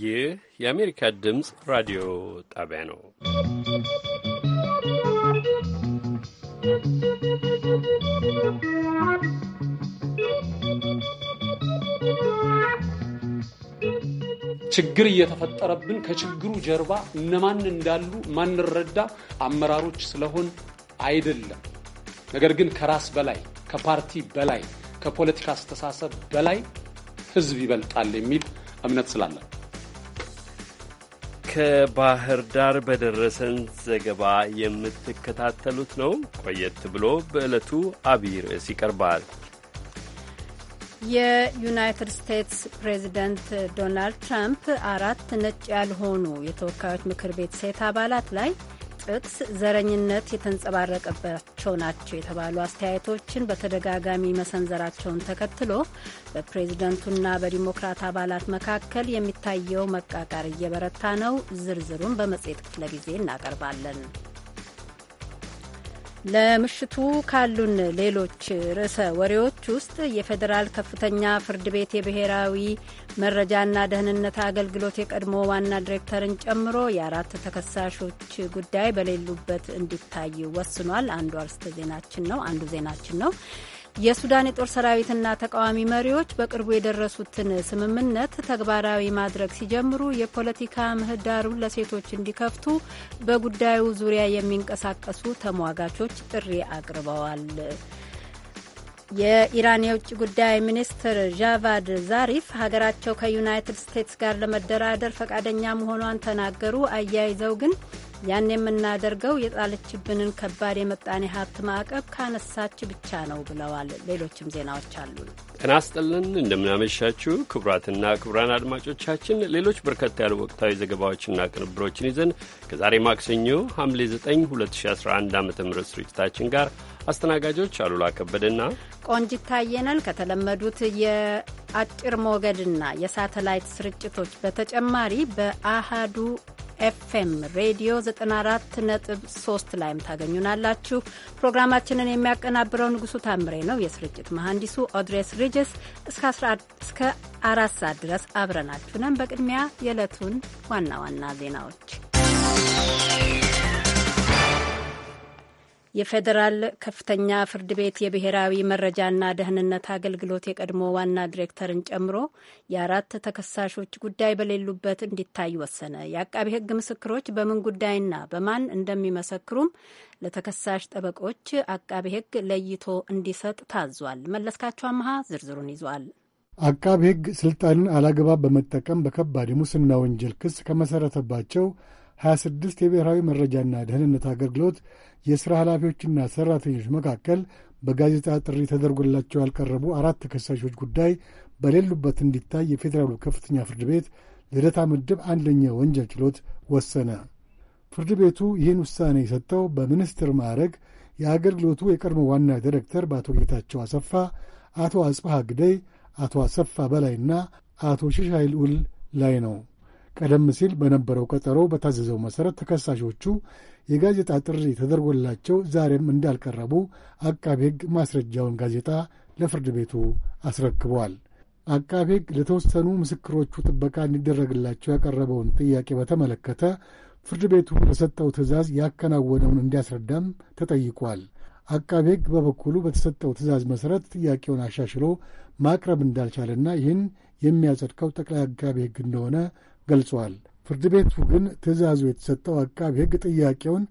ይህ የአሜሪካ ድምፅ ራዲዮ ጣቢያ ነው። ችግር እየተፈጠረብን ከችግሩ ጀርባ እነማን እንዳሉ ማንረዳ አመራሮች ስለሆን አይደለም። ነገር ግን ከራስ በላይ ከፓርቲ በላይ ከፖለቲካ አስተሳሰብ በላይ ሕዝብ ይበልጣል የሚል እምነት ስላለን ከባህር ዳር በደረሰን ዘገባ የምትከታተሉት ነው። ቆየት ብሎ በዕለቱ አብይ ርዕስ ይቀርባል። የዩናይትድ ስቴትስ ፕሬዚደንት ዶናልድ ትራምፕ አራት ነጭ ያልሆኑ የተወካዮች ምክር ቤት ሴት አባላት ላይ ጥቅስ ዘረኝነት የተንጸባረቀባቸው ናቸው የተባሉ አስተያየቶችን በተደጋጋሚ መሰንዘራቸውን ተከትሎ በፕሬዝደንቱና በዲሞክራት አባላት መካከል የሚታየው መቃቃር እየበረታ ነው። ዝርዝሩን በመጽሔት ክፍለ ጊዜ እናቀርባለን። ለምሽቱ ካሉን ሌሎች ርዕሰ ወሬዎች ውስጥ የፌዴራል ከፍተኛ ፍርድ ቤት የብሔራዊ መረጃና ደህንነት አገልግሎት የቀድሞ ዋና ዲሬክተርን ጨምሮ የአራት ተከሳሾች ጉዳይ በሌሉበት እንዲታይ ወስኗል። አንዱ አርስተ ዜናችን ነው። አንዱ ዜናችን ነው። የሱዳን የጦር ሰራዊትና ተቃዋሚ መሪዎች በቅርቡ የደረሱትን ስምምነት ተግባራዊ ማድረግ ሲጀምሩ የፖለቲካ ምህዳሩን ለሴቶች እንዲከፍቱ በጉዳዩ ዙሪያ የሚንቀሳቀሱ ተሟጋቾች ጥሪ አቅርበዋል። የኢራን የውጭ ጉዳይ ሚኒስትር ዣቫድ ዛሪፍ ሀገራቸው ከዩናይትድ ስቴትስ ጋር ለመደራደር ፈቃደኛ መሆኗን ተናገሩ። አያይዘው ግን ያን የምናደርገው የጣለችብንን ከባድ የመጣኔ ሀብት ማዕቀብ ካነሳች ብቻ ነው ብለዋል። ሌሎችም ዜናዎች አሉ። ጤና ይስጥልን፣ እንደምናመሻችሁ ክቡራትና ክቡራን አድማጮቻችን ሌሎች በርከታ ያሉ ወቅታዊ ዘገባዎችና ቅንብሮችን ይዘን ከዛሬ ማክሰኞ ሐምሌ 9 2011 ዓ ም ስርጭታችን ጋር አስተናጋጆች አሉላ ከበደና ቆንጂት ታየነን ከተለመዱት የአጭር ሞገድና የሳተላይት ስርጭቶች በተጨማሪ በአሃዱ ኤፍኤም ሬዲዮ 94.3 ላይም ታገኙናላችሁ። ፕሮግራማችንን የሚያቀናብረው ንጉሱ ታምሬ ነው። የስርጭት መሐንዲሱ ኦድሬስ ሪጅስ። እስከ 4 ሰዓት ድረስ አብረናችሁ ነን። በቅድሚያ የዕለቱን ዋና ዋና ዜናዎች የፌዴራል ከፍተኛ ፍርድ ቤት የብሔራዊ መረጃና ደህንነት አገልግሎት የቀድሞ ዋና ዲሬክተርን ጨምሮ የአራት ተከሳሾች ጉዳይ በሌሉበት እንዲታይ ወሰነ። የአቃቢ ሕግ ምስክሮች በምን ጉዳይና በማን እንደሚመሰክሩም ለተከሳሽ ጠበቆች አቃቢ ሕግ ለይቶ እንዲሰጥ ታዟል። መለስካቸው አመሃ ዝርዝሩን ይዟል። አቃቢ ሕግ ስልጣንን አላግባብ በመጠቀም በከባድ የሙስና ወንጀል ክስ ከመሰረተባቸው 26 የብሔራዊ መረጃና ደህንነት አገልግሎት የሥራ ኃላፊዎችና ሠራተኞች መካከል በጋዜጣ ጥሪ ተደርጎላቸው ያልቀረቡ አራት ተከሳሾች ጉዳይ በሌሉበት እንዲታይ የፌዴራሉ ከፍተኛ ፍርድ ቤት ልደታ ምድብ አንደኛ ወንጀል ችሎት ወሰነ። ፍርድ ቤቱ ይህን ውሳኔ የሰጠው በሚኒስትር ማዕረግ የአገልግሎቱ የቀድሞ ዋና ዲሬክተር በአቶ ጌታቸው አሰፋ፣ አቶ አጽበሃ ግደይ፣ አቶ አሰፋ በላይና አቶ ሽሻይ ላይ ነው። ቀደም ሲል በነበረው ቀጠሮ በታዘዘው መሠረት ተከሳሾቹ የጋዜጣ ጥሪ ተደርጎላቸው ዛሬም እንዳልቀረቡ አቃቤ ሕግ ማስረጃውን ጋዜጣ ለፍርድ ቤቱ አስረክበዋል። አቃቤ ሕግ ለተወሰኑ ምስክሮቹ ጥበቃ እንዲደረግላቸው ያቀረበውን ጥያቄ በተመለከተ ፍርድ ቤቱ ለሰጠው ትዕዛዝ ያከናወነውን እንዲያስረዳም ተጠይቋል። አቃቤ ሕግ በበኩሉ በተሰጠው ትዕዛዝ መሠረት ጥያቄውን አሻሽሎ ማቅረብ እንዳልቻለና ይህን የሚያጸድቀው ጠቅላይ አቃቤ ሕግ እንደሆነ ገልጸዋል። ፍርድ ቤቱ ግን ትዕዛዙ የተሰጠው አቃቢ ሕግ ጥያቄውን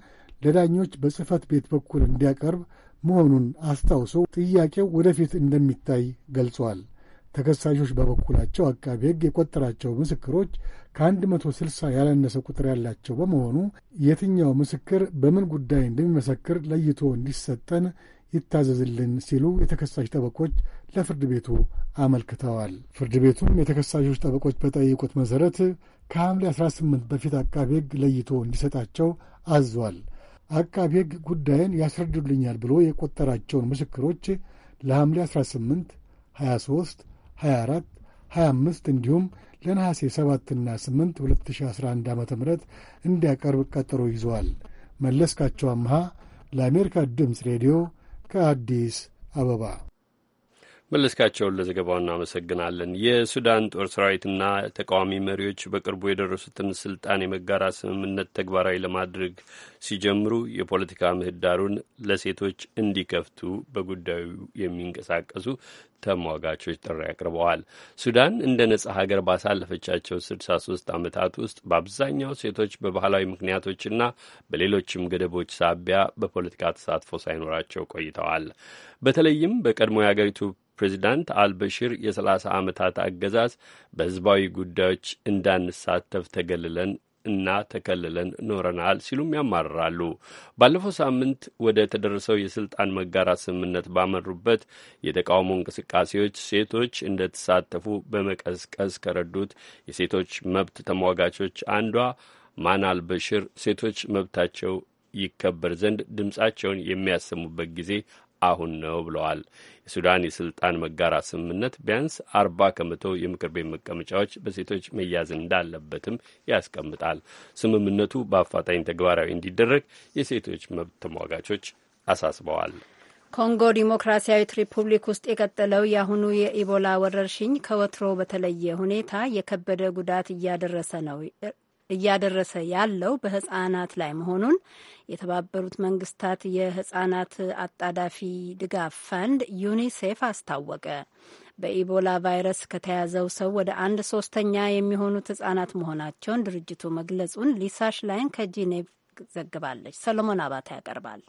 ለዳኞች በጽህፈት ቤት በኩል እንዲያቀርብ መሆኑን አስታውሶ ጥያቄው ወደፊት እንደሚታይ ገልጿል። ተከሳሾች በበኩላቸው አቃቢ ሕግ የቆጠራቸው ምስክሮች ከ160 ያላነሰ ቁጥር ያላቸው በመሆኑ የትኛው ምስክር በምን ጉዳይ እንደሚመሰክር ለይቶ እንዲሰጠን ይታዘዝልን ሲሉ የተከሳሽ ጠበቆች ለፍርድ ቤቱ አመልክተዋል። ፍርድ ቤቱም የተከሳሾች ጠበቆች በጠየቁት መሠረት ከሐምሌ 18 በፊት አቃቢ ሕግ ለይቶ እንዲሰጣቸው አዟል። አቃቢ ሕግ ጉዳይን ያስረዱልኛል ብሎ የቆጠራቸውን ምስክሮች ለሐምሌ 18፣ 23፣ 24፣ 25 እንዲሁም ለነሐሴ 7ና 8 2011 ዓ ም እንዲያቀርብ ቀጠሮ ይዘዋል። መለስካቸው አምሃ ለአሜሪካ ድምፅ ሬዲዮ ከአዲስ አበባ መለስካቸውን ለዘገባው እናመሰግናለን። የሱዳን ጦር ሰራዊትና ተቃዋሚ መሪዎች በቅርቡ የደረሱትን ስልጣን የመጋራ ስምምነት ተግባራዊ ለማድረግ ሲጀምሩ የፖለቲካ ምህዳሩን ለሴቶች እንዲከፍቱ በጉዳዩ የሚንቀሳቀሱ ተሟጋቾች ጥሪ አቅርበዋል። ሱዳን እንደ ነጻ ሀገር ባሳለፈቻቸው 63 ዓመታት ውስጥ በአብዛኛው ሴቶች በባህላዊ ምክንያቶችና በሌሎችም ገደቦች ሳቢያ በፖለቲካ ተሳትፎ ሳይኖራቸው ቆይተዋል። በተለይም በቀድሞ የአገሪቱ ፕሬዚዳንት አልበሽር የ30 ዓመታት አገዛዝ በህዝባዊ ጉዳዮች እንዳንሳተፍ ተገልለን እና ተከልለን ኖረናል ሲሉም ያማርራሉ። ባለፈው ሳምንት ወደ ተደረሰው የስልጣን መጋራት ስምምነት ባመሩበት የተቃውሞ እንቅስቃሴዎች ሴቶች እንደተሳተፉ በመቀስቀስ ከረዱት የሴቶች መብት ተሟጋቾች አንዷ ማናል በሽር ሴቶች መብታቸው ይከበር ዘንድ ድምፃቸውን የሚያሰሙበት ጊዜ አሁን ነው ብለዋል። የሱዳን የስልጣን መጋራት ስምምነት ቢያንስ አርባ ከመቶ የምክር ቤት መቀመጫዎች በሴቶች መያዝ እንዳለበትም ያስቀምጣል። ስምምነቱ በአፋጣኝ ተግባራዊ እንዲደረግ የሴቶች መብት ተሟጋቾች አሳስበዋል። ኮንጎ ዲሞክራሲያዊት ሪፑብሊክ ውስጥ የቀጠለው የአሁኑ የኢቦላ ወረርሽኝ ከወትሮ በተለየ ሁኔታ የከበደ ጉዳት እያደረሰ ነው። እያደረሰ ያለው በህጻናት ላይ መሆኑን የተባበሩት መንግስታት የህጻናት አጣዳፊ ድጋፍ ፈንድ ዩኒሴፍ አስታወቀ። በኢቦላ ቫይረስ ከተያዘው ሰው ወደ አንድ ሶስተኛ የሚሆኑት ህጻናት መሆናቸውን ድርጅቱ መግለጹን ሊሳ ሽላይን ከጂኔቭ ዘግባለች። ሰሎሞን አባተ ያቀርባል።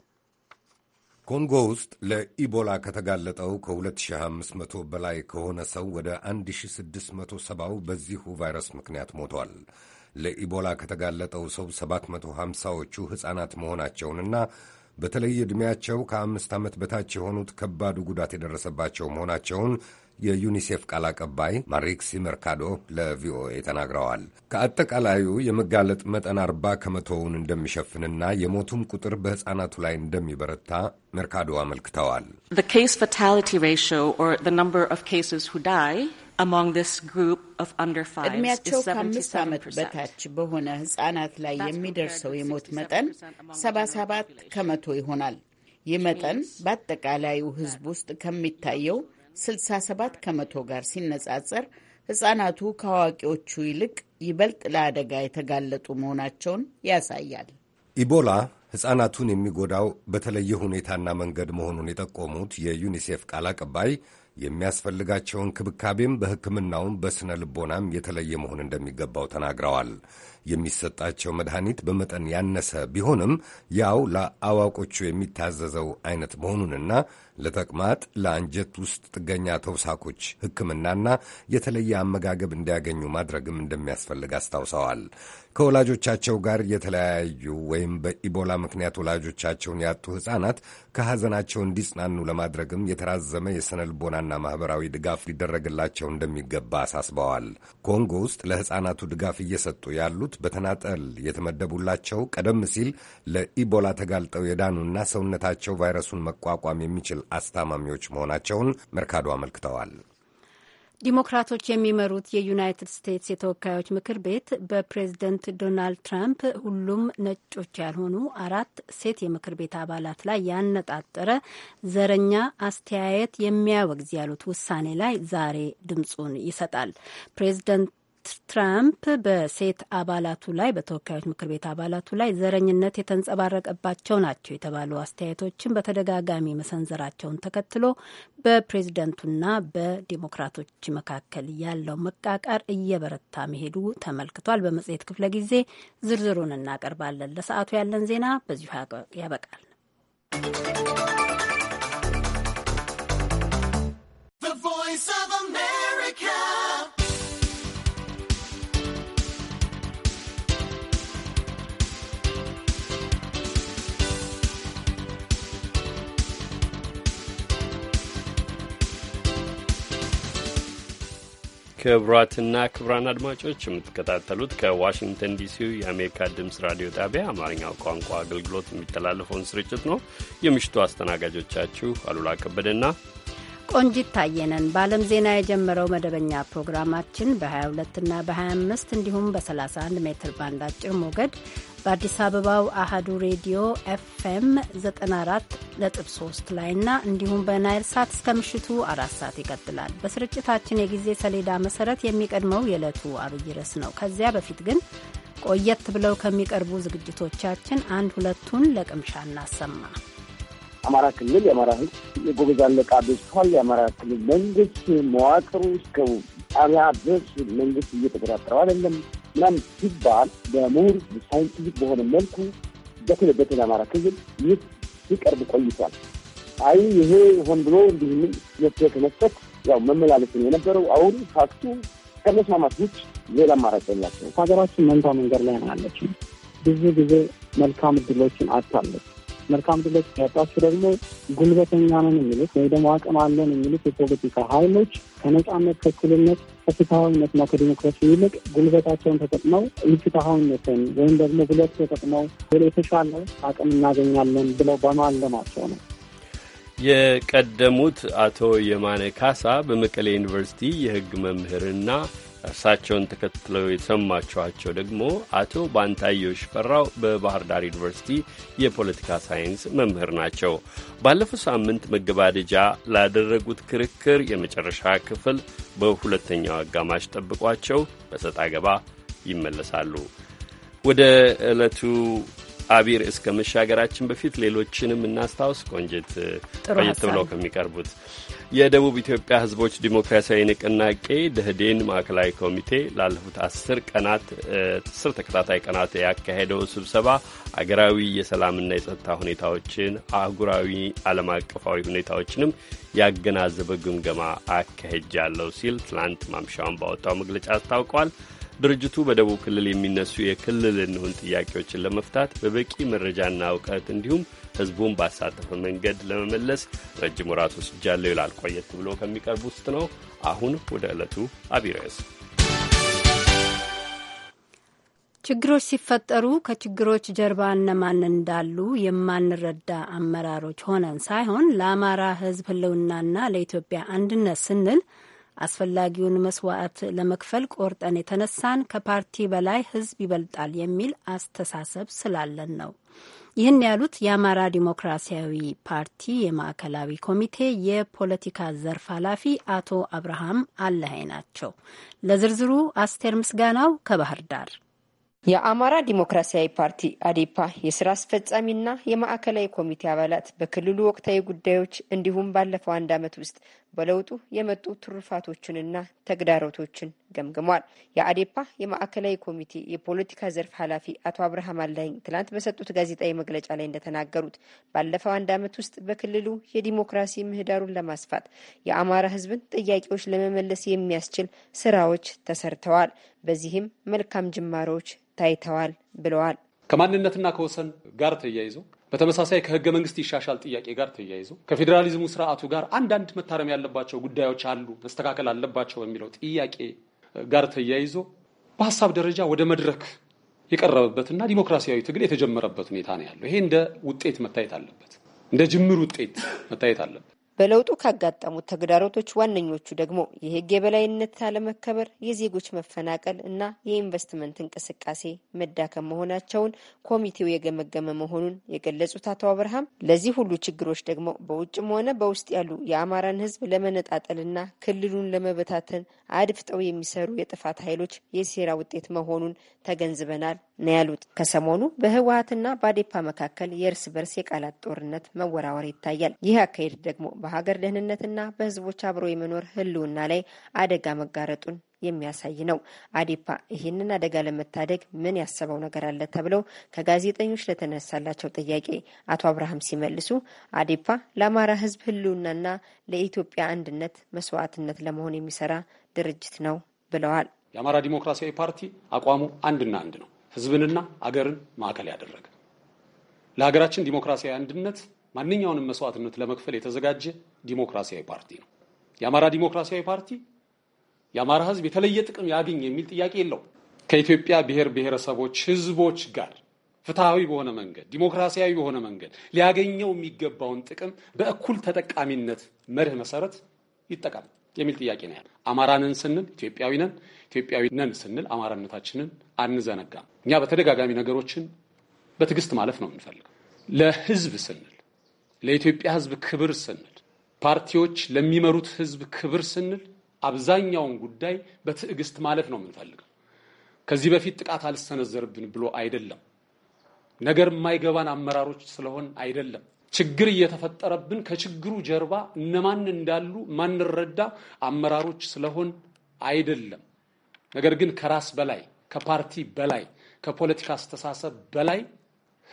ኮንጎ ውስጥ ለኢቦላ ከተጋለጠው ከ2500 በላይ ከሆነ ሰው ወደ 1670ው በዚሁ ቫይረስ ምክንያት ሞቷል። ለኢቦላ ከተጋለጠው ሰው 750ዎቹ ሕፃናት መሆናቸውንና በተለይ ዕድሜያቸው ከአምስት ዓመት በታች የሆኑት ከባዱ ጉዳት የደረሰባቸው መሆናቸውን የዩኒሴፍ ቃል አቀባይ ማሪክሲ መርካዶ ለቪኦኤ ተናግረዋል። ከአጠቃላዩ የመጋለጥ መጠን አርባ ከመቶውን እንደሚሸፍንና የሞቱም ቁጥር በሕፃናቱ ላይ እንደሚበረታ መርካዶ አመልክተዋል። እድሜያቸው ከአምስት ዓመት በታች በሆነ ህጻናት ላይ የሚደርሰው የሞት መጠን 77 ከመቶ ይሆናል። ይህ መጠን በአጠቃላዩ ህዝብ ውስጥ ከሚታየው 67 ከመቶ ጋር ሲነጻጸር ህጻናቱ ከአዋቂዎቹ ይልቅ ይበልጥ ለአደጋ የተጋለጡ መሆናቸውን ያሳያል። ኢቦላ ህጻናቱን የሚጎዳው በተለየ ሁኔታና መንገድ መሆኑን የጠቆሙት የዩኒሴፍ ቃል አቀባይ የሚያስፈልጋቸውን ክብካቤም በሕክምናውም በሥነ ልቦናም የተለየ መሆን እንደሚገባው ተናግረዋል። የሚሰጣቸው መድኃኒት በመጠን ያነሰ ቢሆንም ያው ለአዋቆቹ የሚታዘዘው አይነት መሆኑንና ለተቅማጥ፣ ለአንጀት ውስጥ ጥገኛ ተውሳኮች ሕክምናና የተለየ አመጋገብ እንዲያገኙ ማድረግም እንደሚያስፈልግ አስታውሰዋል። ከወላጆቻቸው ጋር የተለያዩ ወይም በኢቦላ ምክንያት ወላጆቻቸውን ያጡ ሕፃናት ከሐዘናቸው እንዲጽናኑ ለማድረግም የተራዘመ የሥነ ልቦናና ማኅበራዊ ድጋፍ ሊደረግላቸው እንደሚገባ አሳስበዋል። ኮንጎ ውስጥ ለሕፃናቱ ድጋፍ እየሰጡ ያሉት በተናጠል የተመደቡላቸው ቀደም ሲል ለኢቦላ ተጋልጠው የዳኑና ሰውነታቸው ቫይረሱን መቋቋም የሚችል አስታማሚዎች መሆናቸውን መርካዶ አመልክተዋል። ዲሞክራቶች የሚመሩት የዩናይትድ ስቴትስ የተወካዮች ምክር ቤት በፕሬዝደንት ዶናልድ ትራምፕ ሁሉም ነጮች ያልሆኑ አራት ሴት የምክር ቤት አባላት ላይ ያነጣጠረ ዘረኛ አስተያየት የሚያወግዝ ያሉት ውሳኔ ላይ ዛሬ ድምፁን ይሰጣል። ፕሬዝደንት ትራምፕ በሴት አባላቱ ላይ በተወካዮች ምክር ቤት አባላቱ ላይ ዘረኝነት የተንጸባረቀባቸው ናቸው የተባሉ አስተያየቶችን በተደጋጋሚ መሰንዘራቸውን ተከትሎ በፕሬዝደንቱና በዲሞክራቶች መካከል ያለው መቃቃር እየበረታ መሄዱ ተመልክቷል። በመጽሔት ክፍለ ጊዜ ዝርዝሩን እናቀርባለን። ለሰዓቱ ያለን ዜና በዚሁ ያበቃል። voice of a man. ክቡራትና ክቡራን አድማጮች የምትከታተሉት ከዋሽንግተን ዲሲው የአሜሪካ ድምፅ ራዲዮ ጣቢያ አማርኛው ቋንቋ አገልግሎት የሚተላለፈውን ስርጭት ነው። የምሽቱ አስተናጋጆቻችሁ አሉላ ከበደና ቆንጂት ታየነን። በዓለም ዜና የጀመረው መደበኛ ፕሮግራማችን በ22 እና በ25 እንዲሁም በ31 ሜትር ባንድ አጭር ሞገድ በአዲስ አበባው አህዱ ሬዲዮ ኤፍኤም 94 94.3 ላይ ና እንዲሁም በናይል ሳት እስከ ምሽቱ አራት ሰዓት ይቀጥላል። በስርጭታችን የጊዜ ሰሌዳ መሰረት የሚቀድመው የዕለቱ አብይ ርዕስ ነው። ከዚያ በፊት ግን ቆየት ብለው ከሚቀርቡ ዝግጅቶቻችን አንድ ሁለቱን ለቅምሻ እናሰማ። አማራ ክልል የአማራ ህዝብ የጎበዝ አለቃ በዝቷል። የአማራ ክልል መንግስት መዋቅሩ እስከ አብያ ድረስ መንግስት እየተቆጣጠረው አይደለም። ምናምን ሲባል በምሁር ሳይንቲፊክ በሆነ መልኩ በተለይ በተለይ አማራ ክልል ይህ ሲቀርብ ቆይቷል። አይ ይሄ ሆን ብሎ እንዲህ መፍትሄ ከመስጠት ያው መመላለስ የነበረው አሁን ፋክቱ ከመስማማት ውጭ ሌላ አማራጭ የላቸው። ሀገራችን መንታ መንገድ ላይ ናለች። ብዙ ጊዜ መልካም እድሎችን አታለች። መልካም ድሎች ያጣችሁ ደግሞ ጉልበተኛ ነን የሚሉት ወይ ደግሞ አቅም አለን የሚሉት የፖለቲካ ኃይሎች ከነጻነት ከእኩልነት ከፍትሐዊነትና ከዲሞክራሲ ይልቅ ጉልበታቸውን ተጠቅመው ኢፍትሐዊነትን ወይም ደግሞ ሁለት ተጠቅመው የተሻለ አቅም እናገኛለን ብለው በማለማቸው ነው። የቀደሙት አቶ የማነ ካሳ በመቀሌ ዩኒቨርሲቲ የሕግ መምህርና እርሳቸውን ተከትለው የሰማችኋቸው ደግሞ አቶ ባንታየው ሽፈራው በባህር ዳር ዩኒቨርሲቲ የፖለቲካ ሳይንስ መምህር ናቸው። ባለፈው ሳምንት መገባደጃ ላደረጉት ክርክር የመጨረሻ ክፍል በሁለተኛው አጋማሽ ጠብቋቸው በሰጥ አገባ ይመለሳሉ። ወደ ዕለቱ አቢር እስከ መሻገራችን በፊት ሌሎችንም እናስታውስ። ቆንጅት ቆየት ብለው ከሚቀርቡት የደቡብ ኢትዮጵያ ሕዝቦች ዲሞክራሲያዊ ንቅናቄ ደህዴን ማዕከላዊ ኮሚቴ ላለፉት አስር ቀናት አስር ተከታታይ ቀናት ያካሄደው ስብሰባ አገራዊ የሰላምና የጸጥታ ሁኔታዎችን አህጉራዊ፣ ዓለም አቀፋዊ ሁኔታዎችንም ያገናዘበ ግምገማ አካሄጃለሁ ሲል ትላንት ማምሻውን ባወጣው መግለጫ አስታውቋል። ድርጅቱ በደቡብ ክልል የሚነሱ የክልል እንሁን ጥያቄዎችን ለመፍታት በበቂ መረጃና እውቀት እንዲሁም ህዝቡን ባሳተፈ መንገድ ለመመለስ ረጅም ወራት ወስጃለሁ ይላል። ቆየት ብሎ ከሚቀርብ ውስጥ ነው። አሁን ወደ ዕለቱ አቢረስ ችግሮች ሲፈጠሩ ከችግሮች ጀርባ እነማን እንዳሉ የማንረዳ አመራሮች ሆነን ሳይሆን ለአማራ ህዝብ ህልውናና ለኢትዮጵያ አንድነት ስንል አስፈላጊውን መስዋዕት ለመክፈል ቆርጠን የተነሳን ከፓርቲ በላይ ህዝብ ይበልጣል የሚል አስተሳሰብ ስላለን ነው። ይህን ያሉት የአማራ ዲሞክራሲያዊ ፓርቲ የማዕከላዊ ኮሚቴ የፖለቲካ ዘርፍ ኃላፊ አቶ አብርሃም አለሀይ ናቸው። ለዝርዝሩ አስቴር ምስጋናው ከባህር ዳር የአማራ ዲሞክራሲያዊ ፓርቲ አዴፓ የስራ አስፈጻሚና የማዕከላዊ ኮሚቴ አባላት በክልሉ ወቅታዊ ጉዳዮች እንዲሁም ባለፈው አንድ ዓመት ውስጥ በለውጡ የመጡ ትሩፋቶችንና ተግዳሮቶችን ገምግሟል። የአዴፓ የማዕከላዊ ኮሚቴ የፖለቲካ ዘርፍ ኃላፊ አቶ አብርሃም አላይኝ ትናንት በሰጡት ጋዜጣዊ መግለጫ ላይ እንደተናገሩት ባለፈው አንድ ዓመት ውስጥ በክልሉ የዲሞክራሲ ምህዳሩን ለማስፋት የአማራ ህዝብን ጥያቄዎች ለመመለስ የሚያስችል ስራዎች ተሰርተዋል። በዚህም መልካም ጅማሮዎች ታይተዋል ብለዋል። ከማንነትና ከወሰን ጋር ተያይዞ በተመሳሳይ ከህገ መንግስት ይሻሻል ጥያቄ ጋር ተያይዞ ከፌዴራሊዝሙ ስርዓቱ ጋር አንዳንድ መታረም ያለባቸው ጉዳዮች አሉ፣ መስተካከል አለባቸው በሚለው ጥያቄ ጋር ተያይዞ በሀሳብ ደረጃ ወደ መድረክ የቀረበበትና ዲሞክራሲያዊ ትግል የተጀመረበት ሁኔታ ነው ያለው። ይሄ እንደ ውጤት መታየት አለበት፣ እንደ ጅምር ውጤት መታየት አለበት። በለውጡ ካጋጠሙት ተግዳሮቶች ዋነኞቹ ደግሞ የህግ የበላይነት አለመከበር፣ የዜጎች መፈናቀል እና የኢንቨስትመንት እንቅስቃሴ መዳከም መሆናቸውን ኮሚቴው የገመገመ መሆኑን የገለጹት አቶ አብርሃም ለዚህ ሁሉ ችግሮች ደግሞ በውጭም ሆነ በውስጥ ያሉ የአማራን ህዝብ ለመነጣጠልና ክልሉን ለመበታተን አድፍጠው የሚሰሩ የጥፋት ኃይሎች የሴራ ውጤት መሆኑን ተገንዝበናል ነው ያሉት። ከሰሞኑ በህወሀትና በአዴፓ መካከል የእርስ በርስ የቃላት ጦርነት መወራወር ይታያል። ይህ አካሄድ ደግሞ በሀገር ደህንነትና በህዝቦች አብሮ የመኖር ህልውና ላይ አደጋ መጋረጡን የሚያሳይ ነው። አዴፓ ይህንን አደጋ ለመታደግ ምን ያሰበው ነገር አለ ተብለው ከጋዜጠኞች ለተነሳላቸው ጥያቄ አቶ አብርሃም ሲመልሱ አዴፓ ለአማራ ህዝብ ህልውናና ለኢትዮጵያ አንድነት መስዋዕትነት ለመሆን የሚሰራ ድርጅት ነው ብለዋል። የአማራ ዲሞክራሲያዊ ፓርቲ አቋሙ አንድና አንድ ነው። ህዝብንና አገርን ማዕከል ያደረገ ለሀገራችን ዲሞክራሲያዊ አንድነት ማንኛውንም መስዋዕትነት ለመክፈል የተዘጋጀ ዲሞክራሲያዊ ፓርቲ ነው። የአማራ ዲሞክራሲያዊ ፓርቲ የአማራ ህዝብ የተለየ ጥቅም ያገኝ የሚል ጥያቄ የለው። ከኢትዮጵያ ብሔር ብሔረሰቦች ህዝቦች ጋር ፍትሐዊ በሆነ መንገድ ዲሞክራሲያዊ በሆነ መንገድ ሊያገኘው የሚገባውን ጥቅም በእኩል ተጠቃሚነት መርህ መሰረት ይጠቃም የሚል ጥያቄ ነው ያለ። አማራንን ስንል ኢትዮጵያዊ ነን። ኢትዮጵያዊ ነን ስንል አማራነታችንን አንዘነጋም። እኛ በተደጋጋሚ ነገሮችን በትዕግስት ማለፍ ነው የምንፈልገው። ለህዝብ ስንል፣ ለኢትዮጵያ ህዝብ ክብር ስንል፣ ፓርቲዎች ለሚመሩት ህዝብ ክብር ስንል አብዛኛውን ጉዳይ በትዕግስት ማለፍ ነው የምንፈልገው። ከዚህ በፊት ጥቃት አልሰነዘርብን ብሎ አይደለም፣ ነገር የማይገባን አመራሮች ስለሆን አይደለም። ችግር እየተፈጠረብን ከችግሩ ጀርባ እነማን እንዳሉ ማንረዳ አመራሮች ስለሆን አይደለም። ነገር ግን ከራስ በላይ ከፓርቲ በላይ ከፖለቲካ አስተሳሰብ በላይ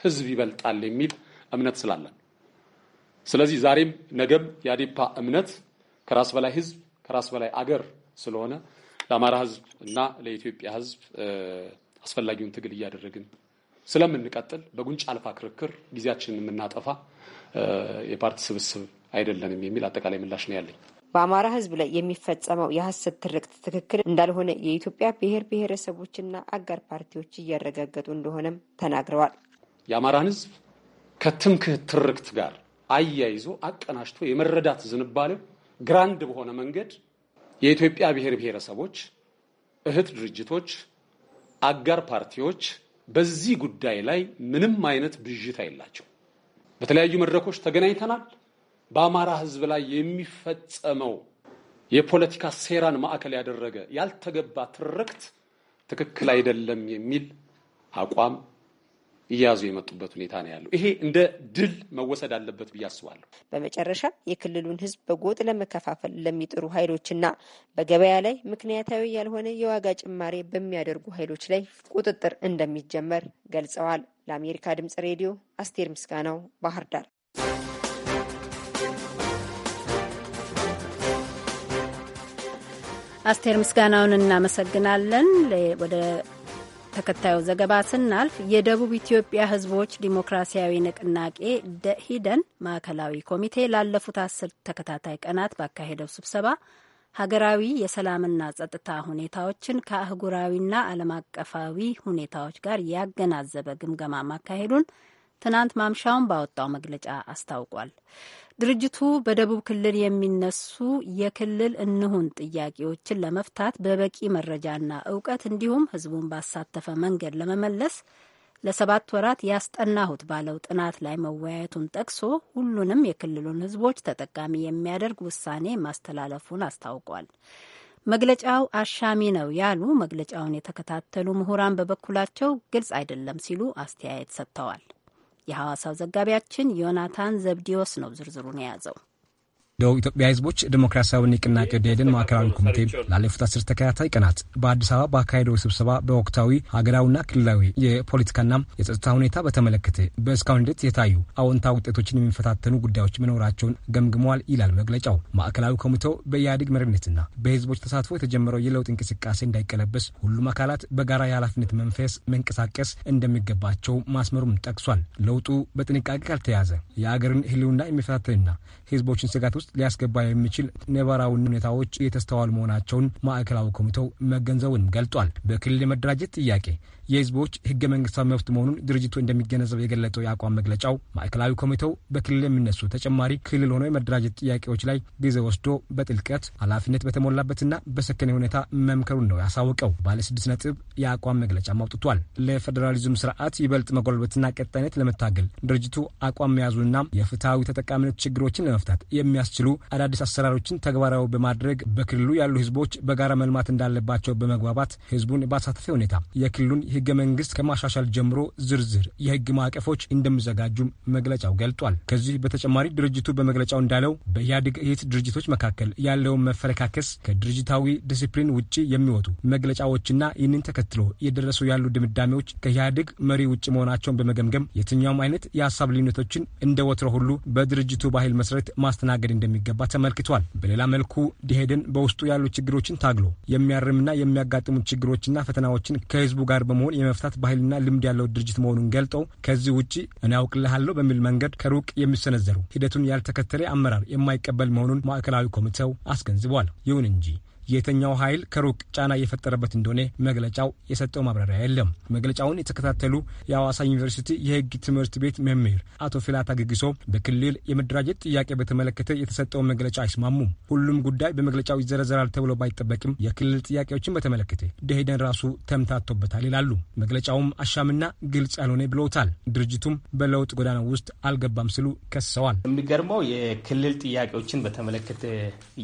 ህዝብ ይበልጣል የሚል እምነት ስላለን፣ ስለዚህ ዛሬም ነገም የአዴፓ እምነት ከራስ በላይ ህዝብ ከራስ በላይ አገር ስለሆነ ለአማራ ህዝብ እና ለኢትዮጵያ ህዝብ አስፈላጊውን ትግል እያደረግን ስለምንቀጥል በጉንጭ አልፋ ክርክር ጊዜያችንን የምናጠፋ የፓርቲ ስብስብ አይደለንም የሚል አጠቃላይ ምላሽ ነው ያለኝ። በአማራ ህዝብ ላይ የሚፈጸመው የሐሰት ትርክት ትክክል እንዳልሆነ የኢትዮጵያ ብሔር ብሔረሰቦችና አጋር ፓርቲዎች እያረጋገጡ እንደሆነም ተናግረዋል። የአማራን ህዝብ ከትምክህት ትርክት ጋር አያይዞ አቀናጅቶ የመረዳት ዝንባሌው ግራንድ በሆነ መንገድ የኢትዮጵያ ብሔር ብሔረሰቦች እህት ድርጅቶች፣ አጋር ፓርቲዎች በዚህ ጉዳይ ላይ ምንም አይነት ብዥታ የላቸው። በተለያዩ መድረኮች ተገናኝተናል። በአማራ ህዝብ ላይ የሚፈጸመው የፖለቲካ ሴራን ማዕከል ያደረገ ያልተገባ ትርክት ትክክል አይደለም የሚል አቋም እያያዙ የመጡበት ሁኔታ ነው ያለው። ይሄ እንደ ድል መወሰድ አለበት ብዬ አስባለሁ። በመጨረሻ የክልሉን ህዝብ በጎጥ ለመከፋፈል ለሚጥሩ ኃይሎችና በገበያ ላይ ምክንያታዊ ያልሆነ የዋጋ ጭማሬ በሚያደርጉ ኃይሎች ላይ ቁጥጥር እንደሚጀመር ገልጸዋል። ለአሜሪካ ድምጽ ሬዲዮ አስቴር ምስጋናው ባህር ዳር። አስቴር ምስጋናውን እናመሰግናለን። ወደ ተከታዩ ዘገባ ስናልፍ የደቡብ ኢትዮጵያ ሕዝቦች ዲሞክራሲያዊ ንቅናቄ ደኢህዴን ማዕከላዊ ኮሚቴ ላለፉት አስር ተከታታይ ቀናት ባካሄደው ስብሰባ ሀገራዊ የሰላምና ጸጥታ ሁኔታዎችን ከአህጉራዊና ዓለም አቀፋዊ ሁኔታዎች ጋር ያገናዘበ ግምገማ ማካሄዱን ትናንት ማምሻውን ባወጣው መግለጫ አስታውቋል። ድርጅቱ በደቡብ ክልል የሚነሱ የክልል እንሁን ጥያቄዎችን ለመፍታት በበቂ መረጃና እውቀት እንዲሁም ሕዝቡን ባሳተፈ መንገድ ለመመለስ ለሰባት ወራት ያስጠናሁት ባለው ጥናት ላይ መወያየቱን ጠቅሶ ሁሉንም የክልሉን ሕዝቦች ተጠቃሚ የሚያደርግ ውሳኔ ማስተላለፉን አስታውቋል። መግለጫው አሻሚ ነው ያሉ መግለጫውን የተከታተሉ ምሁራን በበኩላቸው ግልጽ አይደለም ሲሉ አስተያየት ሰጥተዋል። የሐዋሳው ዘጋቢያችን ዮናታን ዘብዲዮስ ነው ዝርዝሩን የያዘው። ደቡብ ኢትዮጵያ ህዝቦች ዲሞክራሲያዊ ንቅናቄ ደኢህዴን ማዕከላዊ ኮሚቴ ላለፉት አስር ተከታታይ ቀናት በአዲስ አበባ በአካሄደው ስብሰባ በወቅታዊ ሀገራዊና ክልላዊ የፖለቲካና የጸጥታ ሁኔታ በተመለከተ በእስካሁን ሂደት የታዩ አዎንታ ውጤቶችን የሚፈታተኑ ጉዳዮች መኖራቸውን ገምግመዋል ይላል መግለጫው። ማዕከላዊ ኮሚቴው በኢህአዴግ መሪነትና በህዝቦች ተሳትፎ የተጀመረው የለውጥ እንቅስቃሴ እንዳይቀለበስ ሁሉም አካላት በጋራ የኃላፊነት መንፈስ መንቀሳቀስ እንደሚገባቸው ማስመሩም ጠቅሷል። ለውጡ በጥንቃቄ ካልተያዘ የአገርን ህልውና የሚፈታተንና ህዝቦችን ስጋት ውስጥ ውስጥ ሊያስገባ የሚችል ነባራዊ ሁኔታዎች የተስተዋሉ መሆናቸውን ማዕከላዊ ኮሚቴው መገንዘቡን ገልጧል። በክልል የመደራጀት ጥያቄ የህዝቦች ህገ መንግስታዊ መብት መሆኑን ድርጅቱ እንደሚገነዘብ የገለጠው የአቋም መግለጫው ማዕከላዊ ኮሚቴው በክልል የሚነሱ ተጨማሪ ክልል ሆኖ የመደራጀት ጥያቄዎች ላይ ጊዜ ወስዶ በጥልቀት ኃላፊነት በተሞላበትና በሰከነ ሁኔታ መምከሩን ነው ያሳወቀው። ባለ ስድስት ነጥብ የአቋም መግለጫ አውጥቷል። ለፌዴራሊዝም ስርዓት ይበልጥ መጎልበትና ቀጣይነት ለመታገል ድርጅቱ አቋም መያዙና የፍትሐዊ ተጠቃሚነት ችግሮችን ለመፍታት የሚያስችሉ አዳዲስ አሰራሮችን ተግባራዊ በማድረግ በክልሉ ያሉ ህዝቦች በጋራ መልማት እንዳለባቸው በመግባባት ህዝቡን ባሳተፈ ሁኔታ የክልሉን ህገ መንግስት ከማሻሻል ጀምሮ ዝርዝር የህግ ማዕቀፎች እንደሚዘጋጁም መግለጫው ገልጧል። ከዚህ በተጨማሪ ድርጅቱ በመግለጫው እንዳለው በኢህአዴግ እህት ድርጅቶች መካከል ያለውን መፈረካከስ ከድርጅታዊ ዲሲፕሊን ውጭ የሚወጡ መግለጫዎችና ይህንን ተከትሎ እየደረሱ ያሉ ድምዳሜዎች ከኢህአዴግ መሪ ውጭ መሆናቸውን በመገምገም የትኛውም አይነት የሀሳብ ልዩነቶችን እንደ ወትሮ ሁሉ በድርጅቱ ባህል መሰረት ማስተናገድ እንደሚገባ ተመልክቷል። በሌላ መልኩ ደኢህዴን በውስጡ ያሉ ችግሮችን ታግሎ የሚያርምና የሚያጋጥሙ ችግሮችና ፈተናዎችን ከህዝቡ ጋር በመሆን ችግሮቻቸውን የመፍታት ባህልና ልምድ ያለው ድርጅት መሆኑን ገልጠው ከዚህ ውጭ እኔ አውቅልሃለሁ በሚል መንገድ ከሩቅ የሚሰነዘሩ ሂደቱን ያልተከተለ አመራር የማይቀበል መሆኑን ማዕከላዊ ኮሚቴው አስገንዝቧል። ይሁን እንጂ የትኛው ኃይል ከሩቅ ጫና እየፈጠረበት እንደሆነ መግለጫው የሰጠው ማብራሪያ የለም። መግለጫውን የተከታተሉ የአዋሳ ዩኒቨርሲቲ የህግ ትምህርት ቤት መምህር አቶ ፊላታ ግግሶ በክልል የመደራጀት ጥያቄ በተመለከተ የተሰጠውን መግለጫ አይስማሙም። ሁሉም ጉዳይ በመግለጫው ይዘረዘራል ተብሎ ባይጠበቅም የክልል ጥያቄዎችን በተመለከተ ደሄደን ራሱ ተምታቶበታል ይላሉ። መግለጫውም አሻምና ግልጽ ያልሆነ ብለውታል። ድርጅቱም በለውጥ ጎዳና ውስጥ አልገባም ሲሉ ከሰዋል። የሚገርመው የክልል ጥያቄዎችን በተመለከተ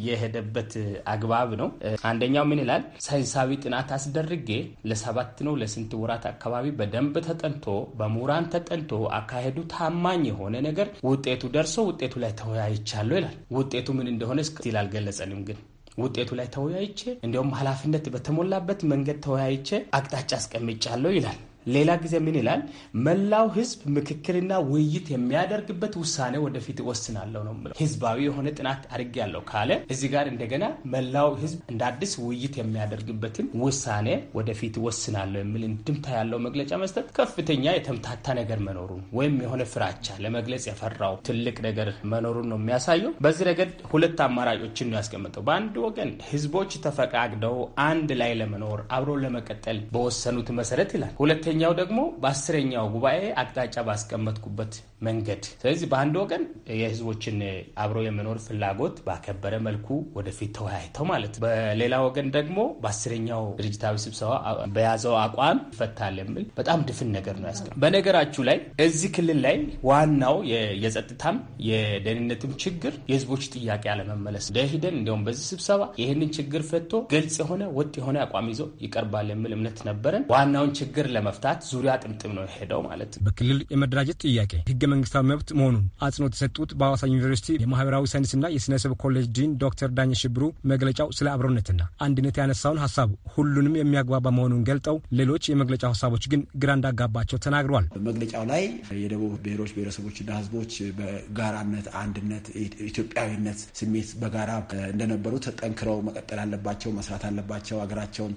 የሄደበት አግባብ ነው። አንደኛው ምን ይላል? ሳይንሳዊ ጥናት አስደርጌ ለሰባት ነው ለስንት ወራት አካባቢ በደንብ ተጠንቶ በምሁራን ተጠንቶ አካሄዱ ታማኝ የሆነ ነገር ውጤቱ ደርሶ ውጤቱ ላይ ተወያይቻለሁ ይላል። ውጤቱ ምን እንደሆነ እስክትል አልገለጸንም ግን ውጤቱ ላይ ተወያይቼ እንዲሁም ኃላፊነት በተሞላበት መንገድ ተወያይቼ አቅጣጫ አስቀምጫለሁ ይላል። ሌላ ጊዜ ምን ይላል? መላው ህዝብ ምክክርና ውይይት የሚያደርግበት ውሳኔ ወደፊት እወስናለሁ ነው የምለው። ህዝባዊ የሆነ ጥናት ያለው ካለ እዚህ ጋር እንደገና መላው ህዝብ እንደ አዲስ ውይይት የሚያደርግበትን ውሳኔ ወደፊት ወስናለሁ የሚል እንድምታ ያለው መግለጫ መስጠት ከፍተኛ የተምታታ ነገር መኖሩን ወይም የሆነ ፍራቻ ለመግለጽ የፈራው ትልቅ ነገር መኖሩን ነው የሚያሳየው። በዚህ ረገድ ሁለት አማራጮችን ነው ያስቀመጠው። በአንድ ወገን ህዝቦች ተፈቃግደው አንድ ላይ ለመኖር አብሮ ለመቀጠል በወሰኑት መሰረት ይላል። ሁለተኛ ሁለተኛው ደግሞ በአስረኛው ጉባኤ አቅጣጫ ባስቀመጥኩበት መንገድ። ስለዚህ በአንድ ወገን የህዝቦችን አብሮ የመኖር ፍላጎት ባከበረ መልኩ ወደፊት ተወያይተው ማለት፣ በሌላ ወገን ደግሞ በአስረኛው ድርጅታዊ ስብሰባ በያዘው አቋም ይፈታል የሚል በጣም ድፍን ነገር ነው ያስቀ በነገራችሁ ላይ እዚህ ክልል ላይ ዋናው የጸጥታም የደህንነትም ችግር የህዝቦች ጥያቄ አለመመለስ ደሂደን እንዲሁም በዚህ ስብሰባ ይህንን ችግር ፈቶ ግልጽ የሆነ ወጥ የሆነ አቋም ይዞ ይቀርባል የሚል እምነት ነበረን። ዋናውን ችግር ለመፍታት ለመፍታት ዙሪያ ጥምጥም ነው የሄደው ማለት ነው። በክልል የመደራጀት ጥያቄ ህገ መንግስታዊ መብት መሆኑን አጽንኦት የሰጡት በሐዋሳ ዩኒቨርሲቲ የማህበራዊ ሳይንስና የስነሰብ ኮሌጅ ዲን ዶክተር ዳኘ ሽብሩ መግለጫው ስለ አብሮነትና አንድነት ያነሳውን ሀሳብ ሁሉንም የሚያግባባ መሆኑን ገልጠው ሌሎች የመግለጫው ሀሳቦች ግን ግራ እንዳጋባቸው ተናግሯል። መግለጫው ላይ የደቡብ ብሔሮች ብሔረሰቦችና ህዝቦች በጋራነት አንድነት፣ ኢትዮጵያዊነት ስሜት በጋራ እንደነበሩ ተጠንክረው መቀጠል አለባቸው፣ መስራት አለባቸው። ሀገራቸውን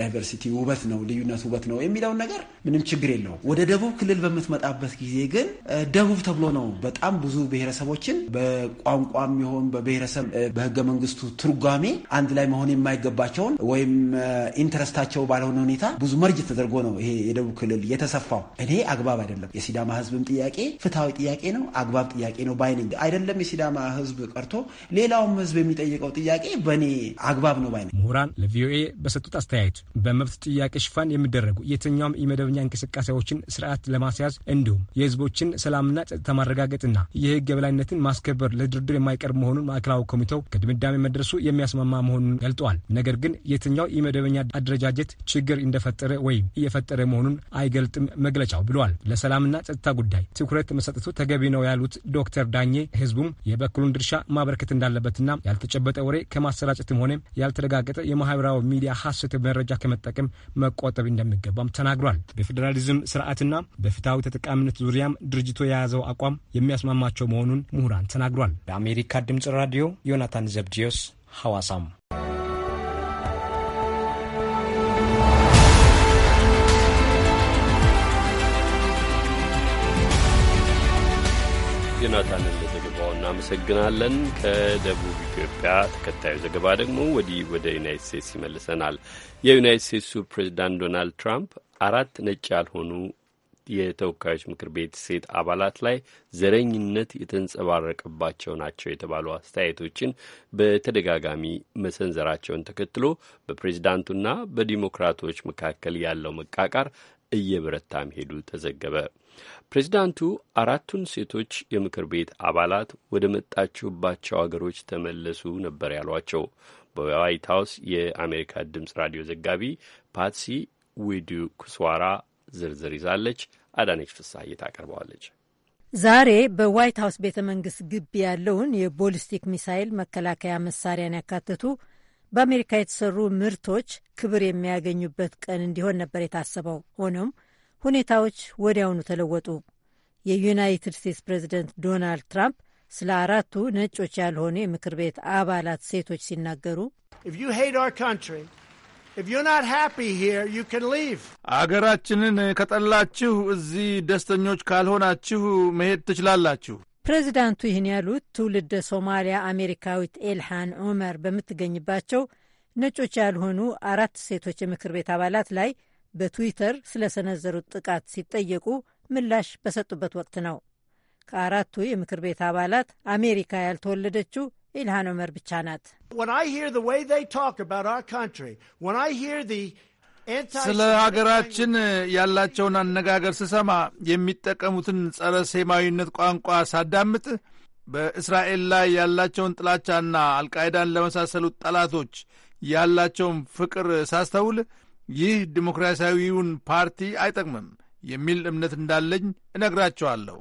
ዳይቨርሲቲ ውበት ነው፣ ልዩነት ውበት ነው የሚለውን ነገር ምንም ችግር የለውም። ወደ ደቡብ ክልል በምትመጣበት ጊዜ ግን ደቡብ ተብሎ ነው በጣም ብዙ ብሔረሰቦችን በቋንቋም ይሆን በብሔረሰብ በህገ መንግስቱ ትርጓሜ አንድ ላይ መሆን የማይገባቸውን ወይም ኢንትረስታቸው ባልሆነ ሁኔታ ብዙ መርጅ ተደርጎ ነው ይሄ የደቡብ ክልል የተሰፋው። እኔ አግባብ አይደለም። የሲዳማ ህዝብም ጥያቄ ፍትሐዊ ጥያቄ ነው፣ አግባብ ጥያቄ ነው ባይነኝ። አይደለም የሲዳማ ህዝብ ቀርቶ ሌላውም ህዝብ የሚጠይቀው ጥያቄ በእኔ አግባብ ነው ባይነኝ። ምሁራን ለቪኦኤ በሰጡት አስተያየት በመብት ጥያቄ ሽፋን የሚደረጉ የትኛውም መደበኛ እንቅስቃሴዎችን ስርዓት ለማስያዝ እንዲሁም የህዝቦችን ሰላምና ጸጥታ ማረጋገጥና የህግ የበላይነትን ማስከበር ለድርድር የማይቀርብ መሆኑን ማዕከላዊ ኮሚቴው ከድምዳሜ መድረሱ የሚያስማማ መሆኑን ገልጠዋል። ነገር ግን የትኛው የመደበኛ አደረጃጀት ችግር እንደፈጠረ ወይም እየፈጠረ መሆኑን አይገልጥም መግለጫው ብለዋል። ለሰላምና ጸጥታ ጉዳይ ትኩረት መሰጠቱ ተገቢ ነው ያሉት ዶክተር ዳኜ ህዝቡም የበኩሉን ድርሻ ማበረከት እንዳለበትና ያልተጨበጠ ወሬ ከማሰራጨትም ሆነ ያልተረጋገጠ የማህበራዊ ሚዲያ ሀሰት መረጃ ከመጠቀም መቆጠብ እንደሚገባም ተናግሯል። በፌዴራሊዝም ስርዓትና በፍትሐዊ ተጠቃሚነት ዙሪያም ድርጅቱ የያዘው አቋም የሚያስማማቸው መሆኑን ምሁራን ተናግሯል። ለአሜሪካ ድምጽ ራዲዮ ዮናታን ዘብዲዮስ ሐዋሳም ዮናታን ለዘገባው እናመሰግናለን። ከደቡብ ኢትዮጵያ ተከታዩ ዘገባ ደግሞ ወዲህ ወደ ዩናይት ስቴትስ ይመልሰናል። የዩናይት ስቴትሱ ፕሬዚዳንት ዶናልድ ትራምፕ አራት ነጭ ያልሆኑ የተወካዮች ምክር ቤት ሴት አባላት ላይ ዘረኝነት የተንጸባረቀባቸው ናቸው የተባሉ አስተያየቶችን በተደጋጋሚ መሰንዘራቸውን ተከትሎ በፕሬዚዳንቱና በዲሞክራቶች መካከል ያለው መቃቃር እየበረታ መሄዱ ተዘገበ። ፕሬዚዳንቱ አራቱን ሴቶች የምክር ቤት አባላት ወደ መጣችሁባቸው አገሮች ተመለሱ ነበር ያሏቸው። በዋይት ሀውስ የአሜሪካ ድምፅ ራዲዮ ዘጋቢ ፓትሲ ዊዱ ኩስዋራ ዝርዝር ይዛለች። አዳነች ፍሳሐ ታቀርበዋለች። ዛሬ በዋይት ሀውስ ቤተ መንግስት ግቢ ያለውን የቦሊስቲክ ሚሳይል መከላከያ መሳሪያን ያካተቱ በአሜሪካ የተሰሩ ምርቶች ክብር የሚያገኙበት ቀን እንዲሆን ነበር የታሰበው። ሆኖም ሁኔታዎች ወዲያውኑ ተለወጡ። የዩናይትድ ስቴትስ ፕሬዚደንት ዶናልድ ትራምፕ ስለ አራቱ ነጮች ያልሆኑ የምክር ቤት አባላት ሴቶች ሲናገሩ አገራችንን ከጠላችሁ እዚህ ደስተኞች ካልሆናችሁ መሄድ ትችላላችሁ። ፕሬዚዳንቱ ይህን ያሉት ትውልደ ሶማሊያ አሜሪካዊት ኤልሃን ዑመር በምትገኝባቸው ነጮች ያልሆኑ አራት ሴቶች የምክር ቤት አባላት ላይ በትዊተር ስለሰነዘሩት ጥቃት ሲጠየቁ ምላሽ በሰጡበት ወቅት ነው። ከአራቱ የምክር ቤት አባላት አሜሪካ ያልተወለደችው ኢልሃን ኦመር ብቻ ናት። ስለ ሀገራችን ያላቸውን አነጋገር ስሰማ የሚጠቀሙትን ጸረ ሴማዊነት ቋንቋ ሳዳምጥ በእስራኤል ላይ ያላቸውን ጥላቻና አልቃይዳን ለመሳሰሉት ጠላቶች ያላቸውን ፍቅር ሳስተውል ይህ ዲሞክራሲያዊውን ፓርቲ አይጠቅምም የሚል እምነት እንዳለኝ እነግራቸዋለሁ።